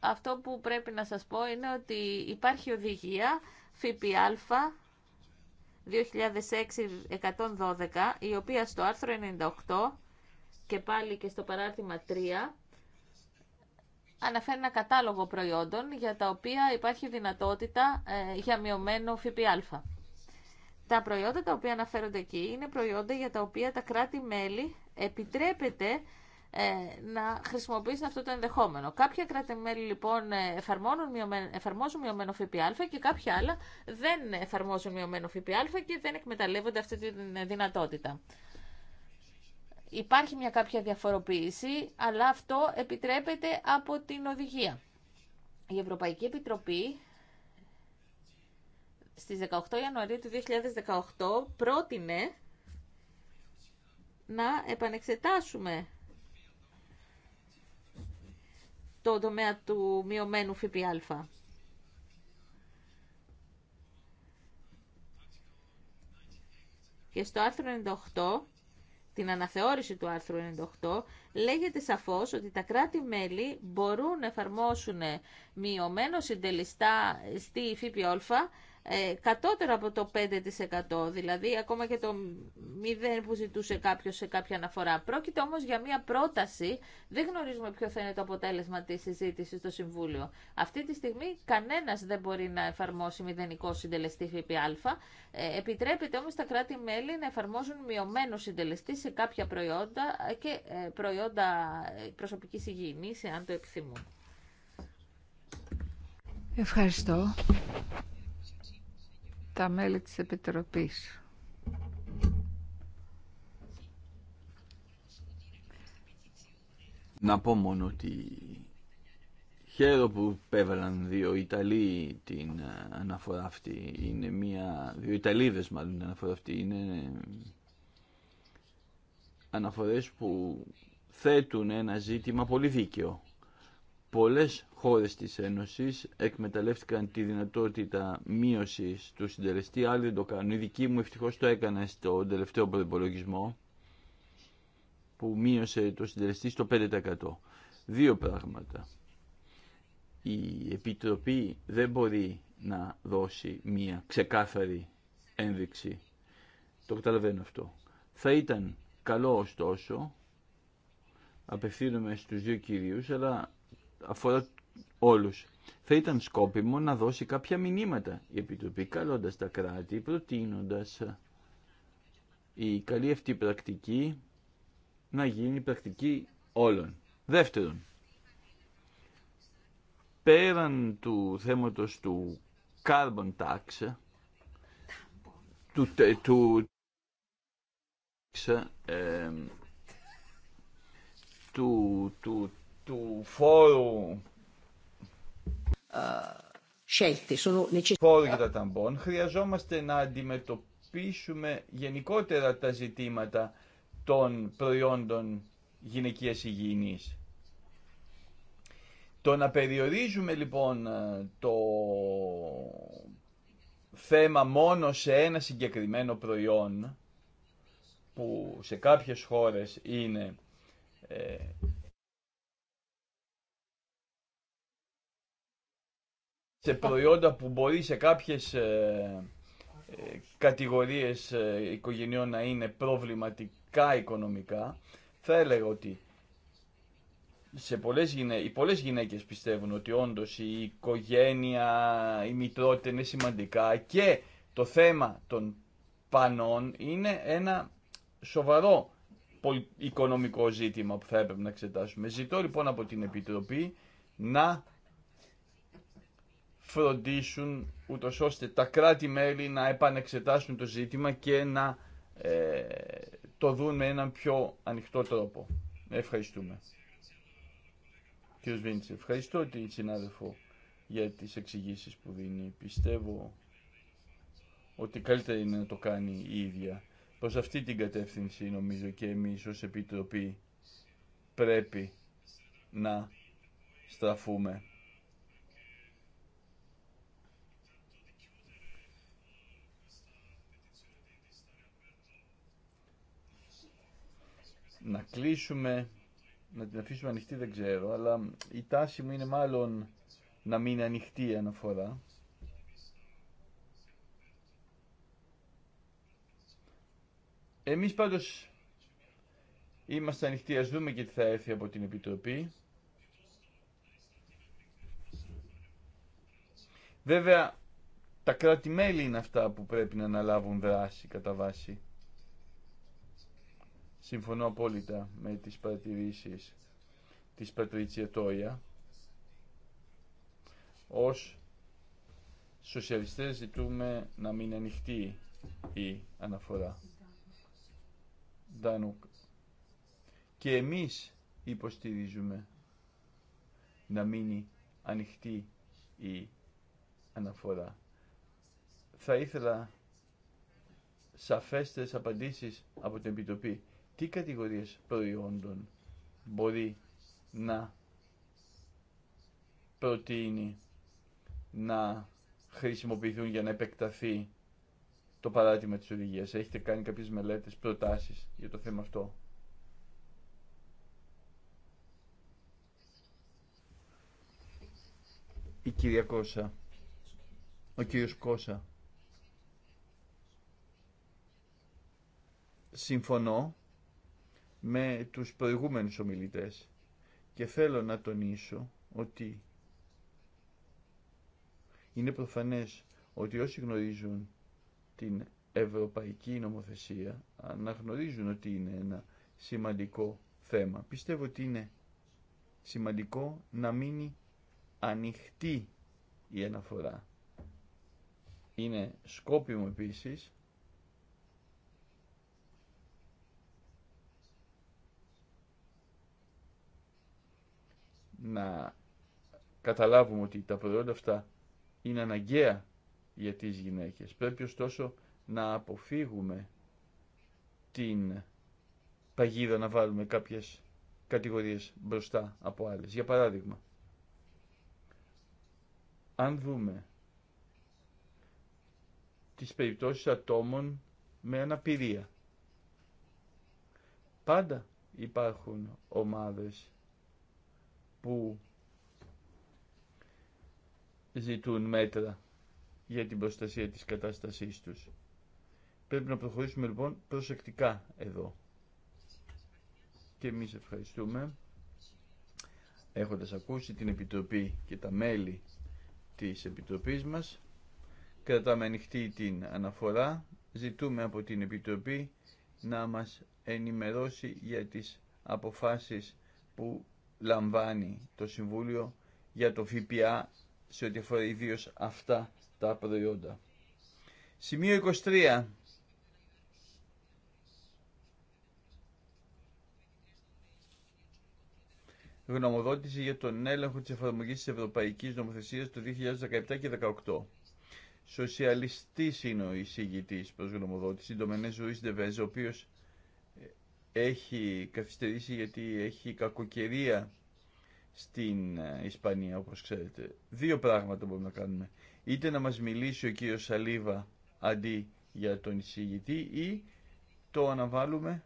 Speaker 1: αυτό που πρέπει να σας πω είναι ότι υπάρχει οδηγία ΦΠΑ 2006-112, η οποία στο άρθρο 98 και πάλι και στο παράρτημα 3 αναφέρει ένα κατάλογο προϊόντων για τα οποία υπάρχει δυνατότητα ε, για μειωμένο ΦΠΑ. Τα προϊόντα τα οποία αναφέρονται εκεί είναι προϊόντα για τα οποία τα κράτη-μέλη επιτρέπεται ε, να χρησιμοποιήσουν αυτό το ενδεχόμενο. Κάποια κράτη-μέλη λοιπόν ε, εφαρμόζουν μειωμένο ΦΠΑ και κάποια άλλα δεν εφαρμόζουν μειωμένο ΦΠΑ και δεν εκμεταλλεύονται αυτή τη δυνατότητα. Υπάρχει μια κάποια διαφοροποίηση, αλλά αυτό επιτρέπεται από την οδηγία. Η Ευρωπαϊκή Επιτροπή στις 18 Ιανουαρίου του 2018 πρότεινε να επανεξετάσουμε το τομέα του μειωμένου ΦΠΑ. Και στο άρθρο 98, την αναθεώρηση του άρθρου 98, λέγεται σαφώς ότι τα κράτη-μέλη μπορούν να εφαρμόσουν μειωμένο συντελιστά στη ΦΠΑ ε, κατώτερο από το 5%, δηλαδή ακόμα και το 0 που ζητούσε κάποιος σε κάποια αναφορά. Πρόκειται όμως για μια πρόταση, δεν γνωρίζουμε ποιο θα είναι το αποτέλεσμα της συζήτηση στο Συμβούλιο. Αυτή τη στιγμή κανένας δεν μπορεί να εφαρμόσει μηδενικό συντελεστή ΦΠΑ, ε, επιτρέπεται όμως τα κράτη-μέλη να εφαρμόζουν μειωμένο συντελεστή σε κάποια προϊόντα και ε, προϊόντα ε, προσωπικής υγιεινής, αν το επιθυμούν.
Speaker 2: Ευχαριστώ τα μέλη της Επιτροπής.
Speaker 3: Να πω μόνο ότι χαίρο που πέβαλαν δύο Ιταλοί την ε, αναφορά αυτή. Είναι μία, δύο Ιταλίδες μάλλον την αναφορά αυτή. Είναι ε, αναφορές που θέτουν ένα ζήτημα πολύ δίκαιο πολλές χώρες της Ένωσης εκμεταλλεύτηκαν τη δυνατότητα μείωσης του συντελεστή, άλλοι δεν το κάνουν. Η δική μου ευτυχώς το έκανε στο τελευταίο προπολογισμό που μείωσε το συντελεστή στο 5%. Δύο πράγματα. Η Επιτροπή δεν μπορεί να δώσει μία ξεκάθαρη ένδειξη. Το καταλαβαίνω αυτό. Θα ήταν καλό ωστόσο, απευθύνομαι στους δύο κυρίους, αλλά αφορά όλου. Θα ήταν σκόπιμο να δώσει κάποια μηνύματα η Επιτροπή καλώντα τα κράτη, προτείνοντα η καλή αυτή πρακτική να γίνει πρακτική όλων. Δεύτερον, πέραν του θέματος του carbon tax, του, ε, του, του, του, του φόρου ε, φόρου για τα ταμπών, χρειαζόμαστε να αντιμετωπίσουμε γενικότερα τα ζητήματα των προϊόντων γυναικείας υγιεινής. Το να περιορίζουμε λοιπόν ε, το θέμα μόνο σε ένα συγκεκριμένο προϊόν που σε κάποιες χώρες είναι ε, σε προϊόντα που μπορεί σε κάποιες ε, ε, κατηγορίες ε, οικογενειών να είναι προβληματικά οικονομικά, θα έλεγα ότι σε πολλές οι πολλές γυναίκες πιστεύουν ότι όντως η οικογένεια, η μητρότητα είναι σημαντικά και το θέμα των πανών είναι ένα σοβαρό οικονομικό ζήτημα που θα έπρεπε να εξετάσουμε. Ζητώ λοιπόν από την Επιτροπή να φροντίσουν ούτω ώστε τα κράτη-μέλη να επανεξετάσουν το ζήτημα και να ε, το δουν με έναν πιο ανοιχτό τρόπο. Ευχαριστούμε. Κύριος Βίντσε, ευχαριστώ την συνάδελφο για τις εξηγήσεις που δίνει. Πιστεύω ότι καλύτερα είναι να το κάνει η ίδια. Προς αυτή την κατεύθυνση νομίζω και εμείς ως Επιτροπή πρέπει να στραφούμε. να κλείσουμε, να την αφήσουμε ανοιχτή δεν ξέρω, αλλά η τάση μου είναι μάλλον να μην είναι ανοιχτή η αναφορά. Εμείς πάντως είμαστε ανοιχτοί, ας δούμε και τι θα έρθει από την Επιτροπή. Βέβαια, τα κράτη-μέλη είναι αυτά που πρέπει να αναλάβουν δράση κατά βάση. Συμφωνώ απόλυτα με τις παρατηρήσεις της Πατρίτσια Τόια. Ως σοσιαλιστές ζητούμε να μην ανοιχτεί η αναφορά. Και εμείς υποστηρίζουμε να μείνει ανοιχτή η αναφορά. Θα ήθελα σαφέστες απαντήσεις από την Επιτροπή τι κατηγορίες προϊόντων μπορεί να προτείνει να χρησιμοποιηθούν για να επεκταθεί το παράδειγμα της οδηγίας. Έχετε κάνει κάποιες μελέτες, προτάσεις για το θέμα αυτό. Η κυρία Κώσα. Ο κύριος Κώσα. Συμφωνώ με τους προηγούμενους ομιλητές και θέλω να τονίσω ότι είναι προφανές ότι όσοι γνωρίζουν την ευρωπαϊκή νομοθεσία αναγνωρίζουν ότι είναι ένα σημαντικό θέμα. Πιστεύω ότι είναι σημαντικό να μείνει ανοιχτή η αναφορά. Είναι σκόπιμο επίσης να καταλάβουμε ότι τα προϊόντα αυτά είναι αναγκαία για τις γυναίκες. Πρέπει ωστόσο να αποφύγουμε την παγίδα να βάλουμε κάποιες κατηγορίες μπροστά από άλλες. Για παράδειγμα, αν δούμε τις περιπτώσεις ατόμων με αναπηρία. Πάντα υπάρχουν ομάδες που ζητούν μέτρα για την προστασία της κατάστασής τους. Πρέπει να προχωρήσουμε λοιπόν προσεκτικά εδώ. Και εμείς ευχαριστούμε έχοντας ακούσει την Επιτροπή και τα μέλη της Επιτροπής μας. Κρατάμε ανοιχτή την αναφορά. Ζητούμε από την Επιτροπή να μας ενημερώσει για τις αποφάσεις που λαμβάνει το Συμβούλιο για το ΦΠΑ σε ό,τι αφορά ιδίω αυτά τα προϊόντα. Σημείο 23. Γνωμοδότηση για τον έλεγχο της εφαρμογής της Ευρωπαϊκής Νομοθεσίας του 2017 και 2018. Σοσιαλιστής είναι ο εισηγητής προς γνωμοδότηση, το Ρουίς Ντεβέζ, ο οποίος έχει καθυστερήσει γιατί έχει κακοκαιρία στην ε, Ισπανία όπως ξέρετε. Δύο πράγματα μπορούμε να κάνουμε. Είτε να μας μιλήσει ο κύριος Σαλίβα αντί για τον εισηγητή ή το αναβάλουμε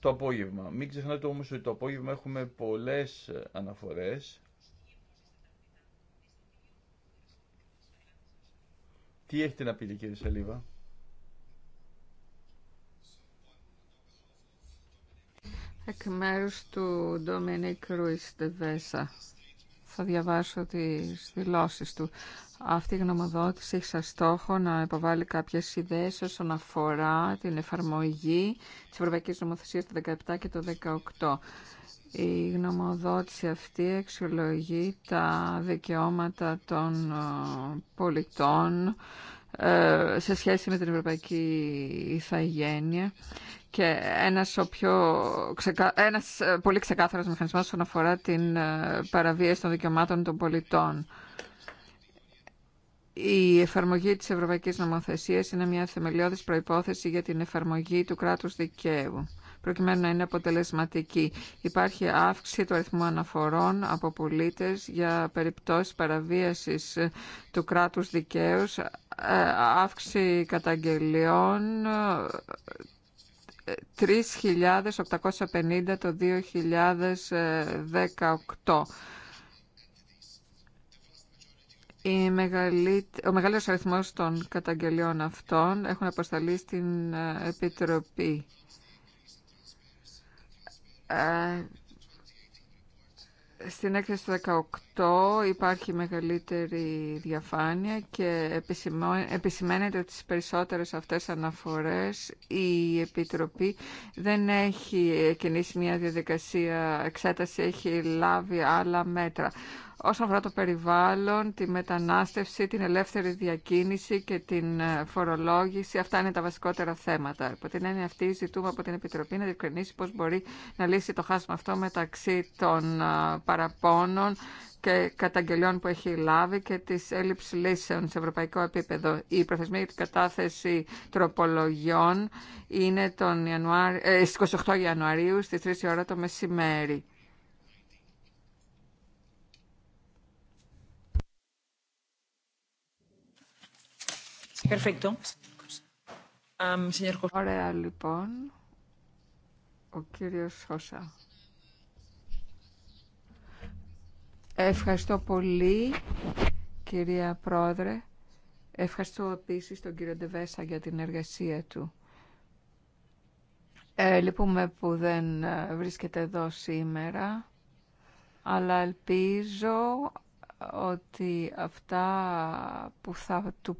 Speaker 3: το απόγευμα. Μην ξεχνάτε όμως ότι το απόγευμα έχουμε πολλές ε, αναφορές. Τι έχετε να πείτε κύριε Σαλίβα.
Speaker 2: εκ μέρους του Ντομινίκ Ρουίς Τεβέσα. Θα διαβάσω τις δηλώσεις του. Αυτή η γνωμοδότηση έχει σαν στόχο να υποβάλει κάποιες ιδέες όσον αφορά την εφαρμογή της Ευρωπαϊκής Νομοθεσίας το 17 και το 18. Η γνωμοδότηση αυτή αξιολογεί τα δικαιώματα των ε, πολιτών ε, σε σχέση με την Ευρωπαϊκή Ιθαγένεια και ένας, ένας ε, πολύ ξεκάθαρος μηχανισμός όσον αφορά την ε, παραβίαση των δικαιωμάτων των πολιτών. Η εφαρμογή της Ευρωπαϊκής Νομοθεσίας είναι μια θεμελιώδης προϋπόθεση για την εφαρμογή του κράτους δικαίου προκειμένου να είναι αποτελεσματική. Υπάρχει αύξηση του αριθμού αναφορών από πολίτες για περιπτώσεις παραβίασης ε, του κράτους δικαίου, αύξηση καταγγελιών 3.850 το 2018. Η μεγαλή ο μεγαλύτερος αριθμός των καταγγελιών αυτών έχουν αποσταλεί στην ε, Επιτροπή. Ε, στην έκθεση του 18 υπάρχει μεγαλύτερη διαφάνεια και επισημαίνεται ότι στις περισσότερες αυτές αναφορές η Επιτροπή δεν έχει κινήσει μια διαδικασία εξέταση, έχει λάβει άλλα μέτρα όσον αφορά το περιβάλλον, τη μετανάστευση, την ελεύθερη διακίνηση και την ε, φορολόγηση. Αυτά είναι τα βασικότερα θέματα. Από την έννοια αυτή ζητούμε από την Επιτροπή να διευκρινίσει πώς μπορεί να λύσει το χάσμα αυτό μεταξύ των ε, παραπώνων και καταγγελιών που έχει λάβει και της έλλειψη λύσεων σε ευρωπαϊκό επίπεδο. Η προθεσμία για την κατάθεση τροπολογιών είναι τον 28 ε, Ιανουαρίου στις 3 ώρα το μεσημέρι. Perfecto. Ωραία, λοιπόν. Ο κύριος Σώσα. Ευχαριστώ πολύ, κυρία Πρόεδρε. Ευχαριστώ επίσης τον κύριο Ντεβέσα για την εργασία του. Ε, λυπούμε που δεν ε, βρίσκεται εδώ σήμερα, αλλά ελπίζω ότι αυτά που θα του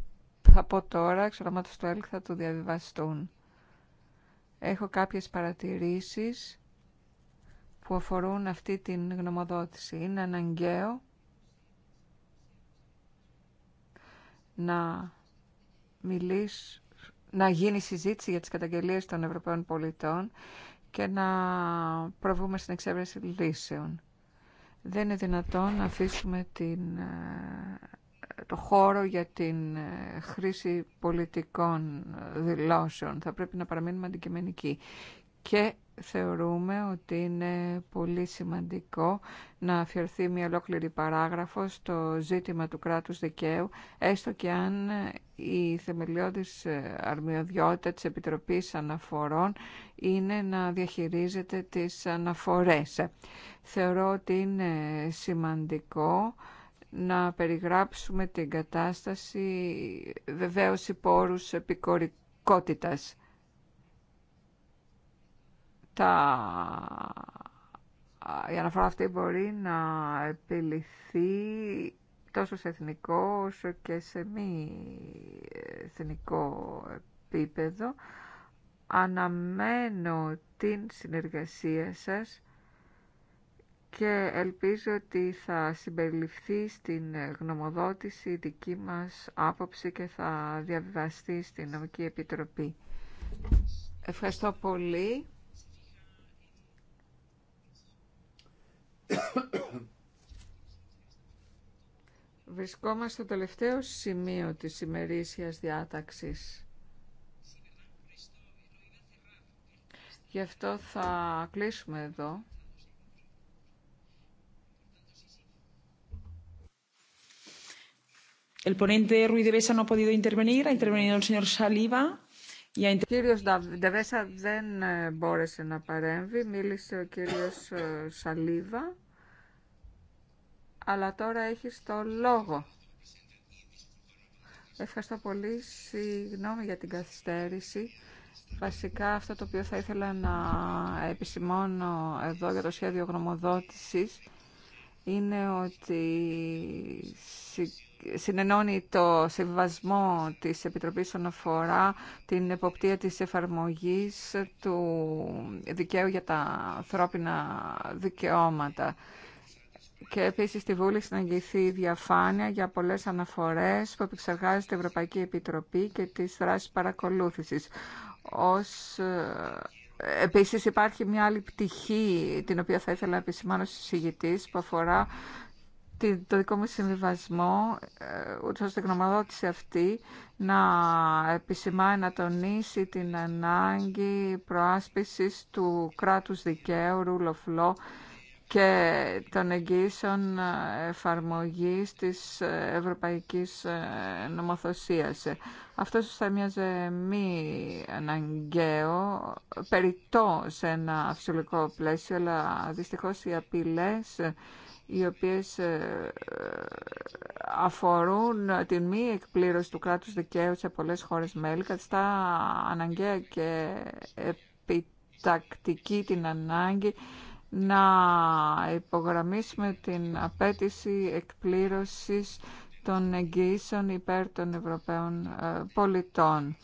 Speaker 2: θα πω τώρα, εξ του ΕΛΚ, θα του διαβιβαστούν. Έχω κάποιες παρατηρήσεις που αφορούν αυτή την γνωμοδότηση. Είναι αναγκαίο να μιλείς, να γίνει συζήτηση για τις καταγγελίες των Ευρωπαίων πολιτών και να προβούμε στην εξέβρεση λύσεων. Δεν είναι δυνατόν να αφήσουμε την ε, το χώρο για την ε, χρήση πολιτικών ε, δηλώσεων. Θα πρέπει να παραμείνουμε αντικειμενικοί. Και θεωρούμε ότι είναι πολύ σημαντικό να αφιερθεί μια ολόκληρη παράγραφο στο ζήτημα του κράτους δικαίου, έστω και αν ε, η θεμελιώδης αρμιοδιότητα της Επιτροπής Αναφορών είναι να διαχειρίζεται τις αναφορές. Θεωρώ ότι είναι σημαντικό να περιγράψουμε την κατάσταση βεβαίως υπόρους επικορικότητας. Τα... Η αναφορά αυτή μπορεί να επιληθεί τόσο σε εθνικό όσο και σε μη εθνικό επίπεδο. Αναμένω την συνεργασία σας και ελπίζω ότι θα συμπεριληφθεί στην γνωμοδότηση δική μας άποψη και θα διαβιβαστεί στην Νομική Επιτροπή. Ευχαριστώ πολύ. Βρισκόμαστε στο τελευταίο σημείο της ημερήσιας διάταξης. Γι' αυτό θα κλείσουμε εδώ. El ponente Ruiz de Ο κύριος δεν ε, μπόρεσε να παρέμβει, μίλησε ο κύριος ε, Σαλίβα, αλλά τώρα έχει το λόγο. Ευχαριστώ πολύ, συγγνώμη για την καθυστέρηση. Βασικά αυτό το οποίο θα ήθελα να επισημώνω εδώ για το σχέδιο γνωμοδότησης είναι ότι συνενώνει το συμβασμό της Επιτροπής όσον αφορά την εποπτεία της εφαρμογής του δικαίου για τα ανθρώπινα δικαιώματα και επίσης τη Βούλη συναγγηθεί η διαφάνεια για πολλές αναφορές που επεξεργάζεται η Ευρωπαϊκή Επιτροπή και τις δράσεις παρακολούθησης. Ως... Ε, επίσης υπάρχει μια άλλη πτυχή την οποία θα ήθελα να επισημάνω στους συγητής που αφορά το δικό μου συμβιβασμό, ε, ούτως ώστε η αυτή να επισημάει, να τονίσει την ανάγκη προάσπισης του κράτους δικαίου, ρουλοφλό και των εγγύσεων ε, εφαρμογής της ε, ευρωπαϊκής νομοθεσίας. Αυτό θα μοιάζε μη αναγκαίο, περιττό σε ένα φυσιολογικό πλαίσιο, αλλά δυστυχώς οι απειλές οι οποίες ε, αφορούν την μη εκπλήρωση του κράτους δικαίου σε πολλές χώρες μέλη, καθιστά αναγκαία και επιτακτική την ανάγκη να υπογραμμίσουμε την απέτηση εκπλήρωσης των εγγύσεων υπέρ των Ευρωπαίων ε, πολιτών.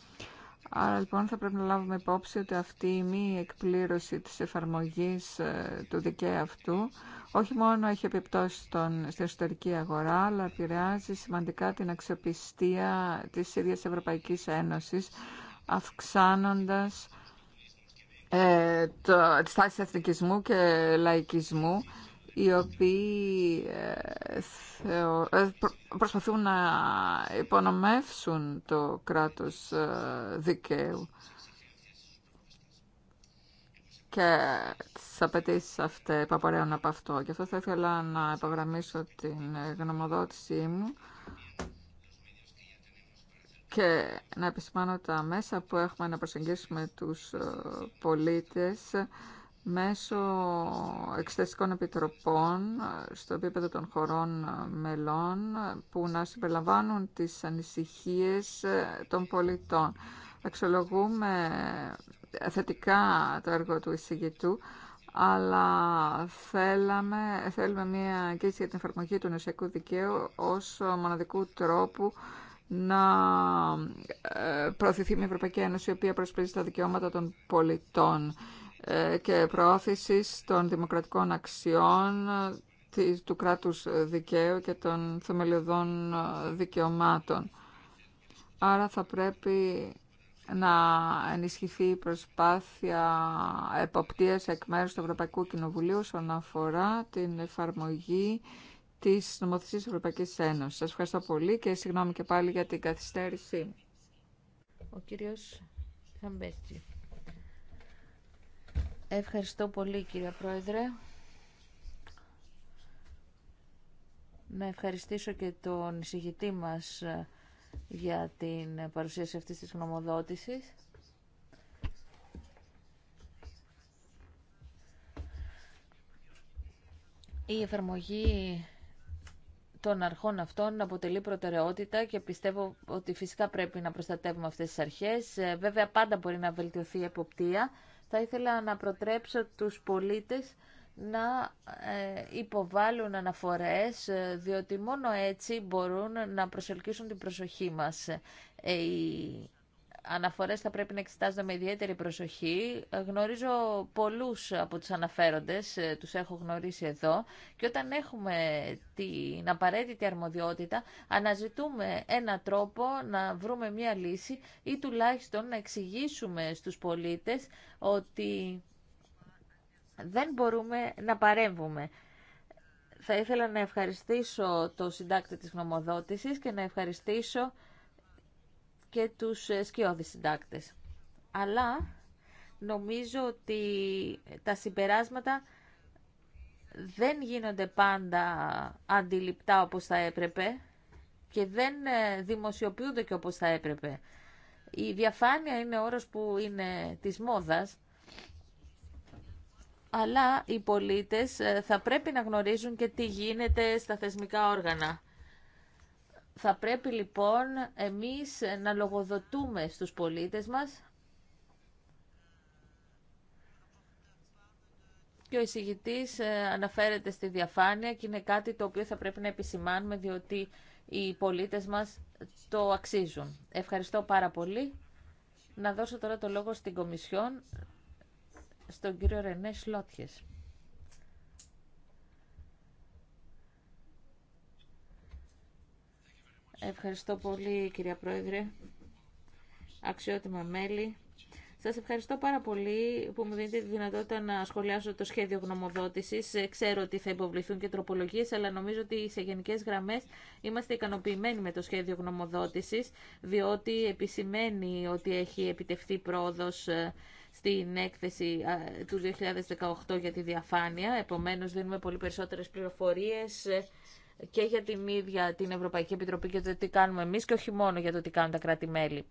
Speaker 2: Άρα λοιπόν θα πρέπει να λάβουμε υπόψη ότι αυτή η μη εκπλήρωση της εφαρμογής ε, του δικαίου αυτού όχι μόνο έχει επιπτώσει στον, στην εσωτερική αγορά, αλλά επηρεάζει σημαντικά την αξιοπιστία της ίδιας Ευρωπαϊκής Ένωσης, αυξάνοντας ε, το, τις τάσεις εθνικισμού και λαϊκισμού οι οποίοι ε, ε, προσπαθούν να υπονομεύσουν το κράτος ε, δικαίου και τις απαιτήσει αυτές που απορρέουν από αυτό. Γι' αυτό θα ήθελα να υπογραμμίσω την γνωμοδότησή μου και να επισημάνω τα μέσα που έχουμε να προσεγγίσουμε τους πολίτες μέσω εξεταστικών επιτροπών στο επίπεδο των χωρών μελών που να συμπεριλαμβάνουν τις ανησυχίες των πολιτών. Αξιολογούμε θετικά το έργο του εισηγητού, αλλά θέλαμε, θέλουμε μια κίνηση για την εφαρμογή του νοσιακού δικαίου ως μοναδικού τρόπου να ε, προωθηθεί μια Ευρωπαϊκή Ένωση η οποία προσπίζει τα δικαιώματα των πολιτών ε, και προώθησης των δημοκρατικών αξιών του κράτους δικαίου και των θεμελιωδών δικαιωμάτων. Άρα θα πρέπει να ενισχυθεί η προσπάθεια εποπτείας εκ μέρους του Ευρωπαϊκού Κοινοβουλίου όσον αφορά την εφαρμογή της νομοθεσίας της Ευρωπαϊκής Ένωσης. Σας ευχαριστώ πολύ και συγγνώμη και πάλι για την καθυστέρησή
Speaker 1: Ο κύριος Ευχαριστώ πολύ κύριε Πρόεδρε. Να ευχαριστήσω και τον εισηγητή μας ε, για την παρουσίαση αυτής της γνωμοδότησης. Η εφαρμογή των αρχών αυτών αποτελεί προτεραιότητα και πιστεύω ότι φυσικά πρέπει να προστατεύουμε αυτές τις αρχές. Ε, βέβαια πάντα μπορεί να βελτιωθεί η εποπτεία θα ήθελα να προτρέψω τους πολίτες να ε, υποβάλουν αναφορές, ε, διότι μόνο έτσι μπορούν να προσελκύσουν την προσοχή μας. Ε, αναφορές θα πρέπει να εξετάζονται με ιδιαίτερη προσοχή. Ε, γνωρίζω πολλούς από τους αναφέροντες, ε, τους έχω γνωρίσει εδώ και όταν έχουμε την απαραίτητη αρμοδιότητα αναζητούμε ένα τρόπο να βρούμε μια λύση ή τουλάχιστον να εξηγήσουμε στους πολίτες ότι δεν μπορούμε να παρέμβουμε. Θα ήθελα να ευχαριστήσω το συντάκτη της γνωμοδότησης και να ευχαριστήσω και τους ε, σκιώδεις συντάκτες. Αλλά νομίζω ότι τα συμπεράσματα δεν γίνονται πάντα αντιληπτά όπως θα έπρεπε και δεν ε, δημοσιοποιούνται και όπως θα έπρεπε. Η διαφάνεια είναι όρος που είναι της μόδας, αλλά οι πολίτες ε, θα πρέπει να γνωρίζουν και τι γίνεται στα θεσμικά όργανα. Θα πρέπει λοιπόν εμείς να λογοδοτούμε στους πολίτες μας και ο εισηγητής ε, αναφέρεται στη διαφάνεια και είναι κάτι το οποίο θα πρέπει να επισημάνουμε διότι οι πολίτες μας το αξίζουν. Ευχαριστώ πάρα πολύ. Να δώσω τώρα το λόγο στην Κομισιόν, στον κύριο Ρενέ Σλότιες. Ευχαριστώ πολύ κυρία Πρόεδρε, αξιότιμα μέλη. Σας ευχαριστώ πάρα πολύ που μου δίνετε τη δυνατότητα να σχολιάσω το σχέδιο γνωμοδότησης. Ε, ξέρω ότι θα υποβληθούν και τροπολογίες, αλλά νομίζω ότι σε γενικές γραμμές είμαστε ικανοποιημένοι με το σχέδιο γνωμοδότησης, διότι επισημαίνει ότι έχει επιτευχθεί πρόοδος ε, στην έκθεση του 2018 για τη διαφάνεια. Επομένως, δίνουμε πολύ περισσότερες πληροφορίες ε, και για την ίδια την Ευρωπαϊκή Επιτροπή και το τι κάνουμε εμείς και όχι μόνο για το τι κάνουν τα κράτη-μέλη.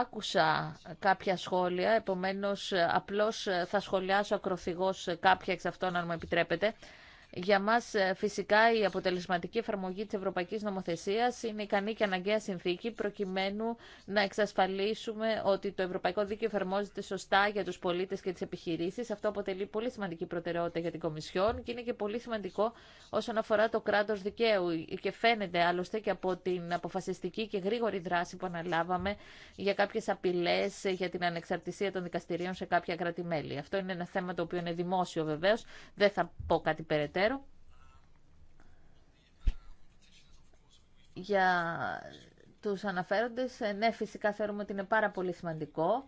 Speaker 1: Άκουσα κάποια σχόλια, επομένως απλώς θα σχολιάσω ακροθυγώς κάποια εξ αυτών αν μου επιτρέπετε. Για μα ε, φυσικά η αποτελεσματική εφαρμογή τη Ευρωπαϊκή Νομοθεσία είναι ικανή και αναγκαία συνθήκη προκειμένου να εξασφαλίσουμε ότι το Ευρωπαϊκό Δίκαιο εφαρμόζεται σωστά για του πολίτε και τι επιχειρήσει. Αυτό αποτελεί πολύ σημαντική προτεραιότητα για την Κομισιόν και είναι και πολύ σημαντικό όσον αφορά το κράτο δικαίου και φαίνεται άλλωστε και από την αποφασιστική και γρήγορη δράση που αναλάβαμε για κάποιε απειλέ για την ανεξαρτησία των δικαστηρίων σε κάποια κράτη-μέλη. Αυτό είναι ένα θέμα το οποίο είναι δημόσιο βεβαίω. δεν θα πω κάτι περαιτέρω για τους αναφέροντες. Ε, ναι, φυσικά θεωρούμε ότι είναι πάρα πολύ σημαντικό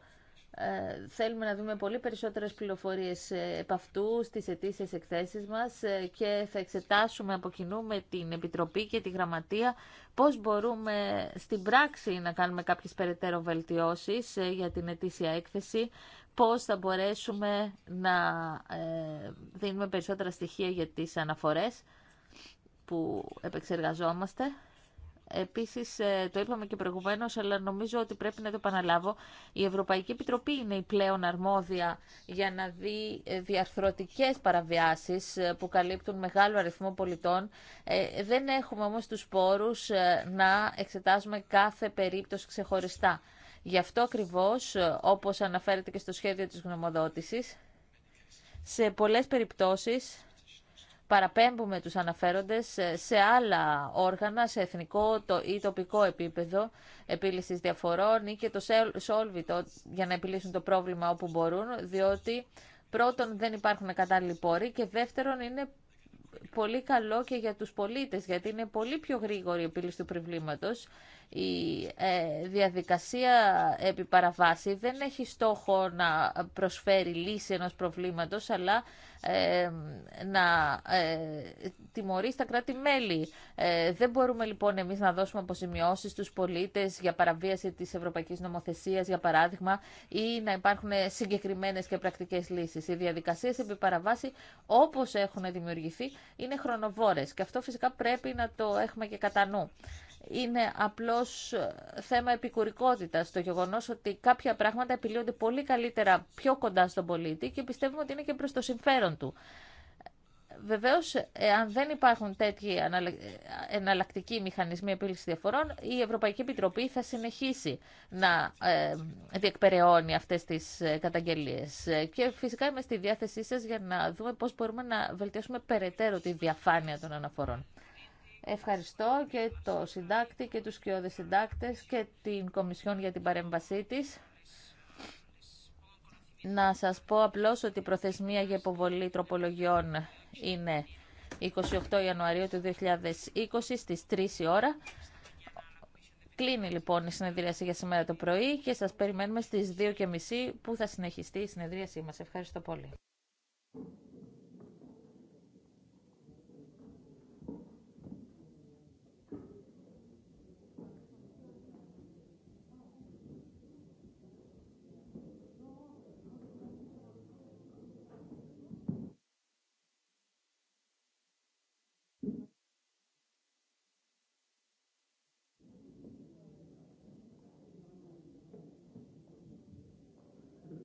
Speaker 1: ε, θέλουμε να δούμε πολύ περισσότερες πληροφορίες ε, επ' αυτού στις ετήσιες εκθέσεις μας ε, και θα εξετάσουμε από κοινού με την Επιτροπή και τη Γραμματεία πώς μπορούμε στην πράξη να κάνουμε κάποιες περαιτέρω βελτιώσεις για την ετήσια έκθεση, πώς θα μπορέσουμε να δίνουμε περισσότερα στοιχεία για τις αναφορές που επεξεργαζόμαστε Επίσης, ε, το είπαμε και προηγουμένως, αλλά νομίζω ότι πρέπει να το επαναλάβω, η Ευρωπαϊκή Επιτροπή είναι η πλέον αρμόδια για να δει ε, διαρθρωτικές παραβιάσεις ε, που καλύπτουν μεγάλο αριθμό πολιτών. Δεν έχουμε όμως τους πόρους να εξετάζουμε κάθε περίπτωση ξεχωριστά. Γι' αυτό ακριβώ, όπως αναφέρεται και στο σχέδιο της γνωμοδότησης, σε πολλές περιπτώσεις παραπέμπουμε τους αναφέροντες σε άλλα όργανα, σε εθνικό ή τοπικό επίπεδο επίλυσης διαφορών ή και το σόλβιτο για να επιλύσουν το πρόβλημα όπου μπορούν, διότι πρώτον δεν υπάρχουν κατάλληλοι πόροι και δεύτερον είναι πολύ καλό και για τους πολίτες, γιατί είναι πολύ πιο γρήγορη η επίλυση του προβλήματος η ε, διαδικασία επί παραβάση δεν έχει στόχο να προσφέρει λύση ενός προβλήματος, αλλά ε, να ε, τιμωρεί στα κράτη-μέλη. Ε, δεν μπορούμε λοιπόν εμείς να δώσουμε αποζημιώσεις στους πολίτες για παραβίαση της Ευρωπαϊκής Νομοθεσίας, για παράδειγμα, ή να υπάρχουν συγκεκριμένες και πρακτικές λύσεις. Οι διαδικασίες επί παραβάση, όπως έχουν δημιουργηθεί, είναι χρονοβόρες και αυτό φυσικά πρέπει να το έχουμε και κατά νου είναι απλώς ε, θέμα επικουρικότητας. Το γεγονός ότι κάποια πράγματα επιλύονται πολύ καλύτερα πιο κοντά στον πολίτη και πιστεύουμε ότι είναι και προς το συμφέρον του. Βεβαίω, ε, αν δεν υπάρχουν τέτοιοι ε, εναλλακτικοί μηχανισμοί επίλυση διαφορών, η Ευρωπαϊκή Επιτροπή θα συνεχίσει να διεκπεραιώνει αυτέ τι καταγγελίε. Και φυσικά είμαι στη διάθεσή σα για να δούμε πώ μπορούμε να βελτιώσουμε περαιτέρω τη διαφάνεια των αναφορών. Ευχαριστώ και το συντάκτη και τους κοιόδες συντάκτες και την Κομισιόν για την παρέμβασή της. Να σας πω απλώς ότι η προθεσμία για υποβολή τροπολογιών είναι 28 Ιανουαρίου του 2020 στις 3 η ώρα. Κλείνει λοιπόν η συνεδρίαση για σήμερα το πρωί και σας περιμένουμε στις 2.30 που θα συνεχιστεί η συνεδρίασή μας. Ευχαριστώ πολύ.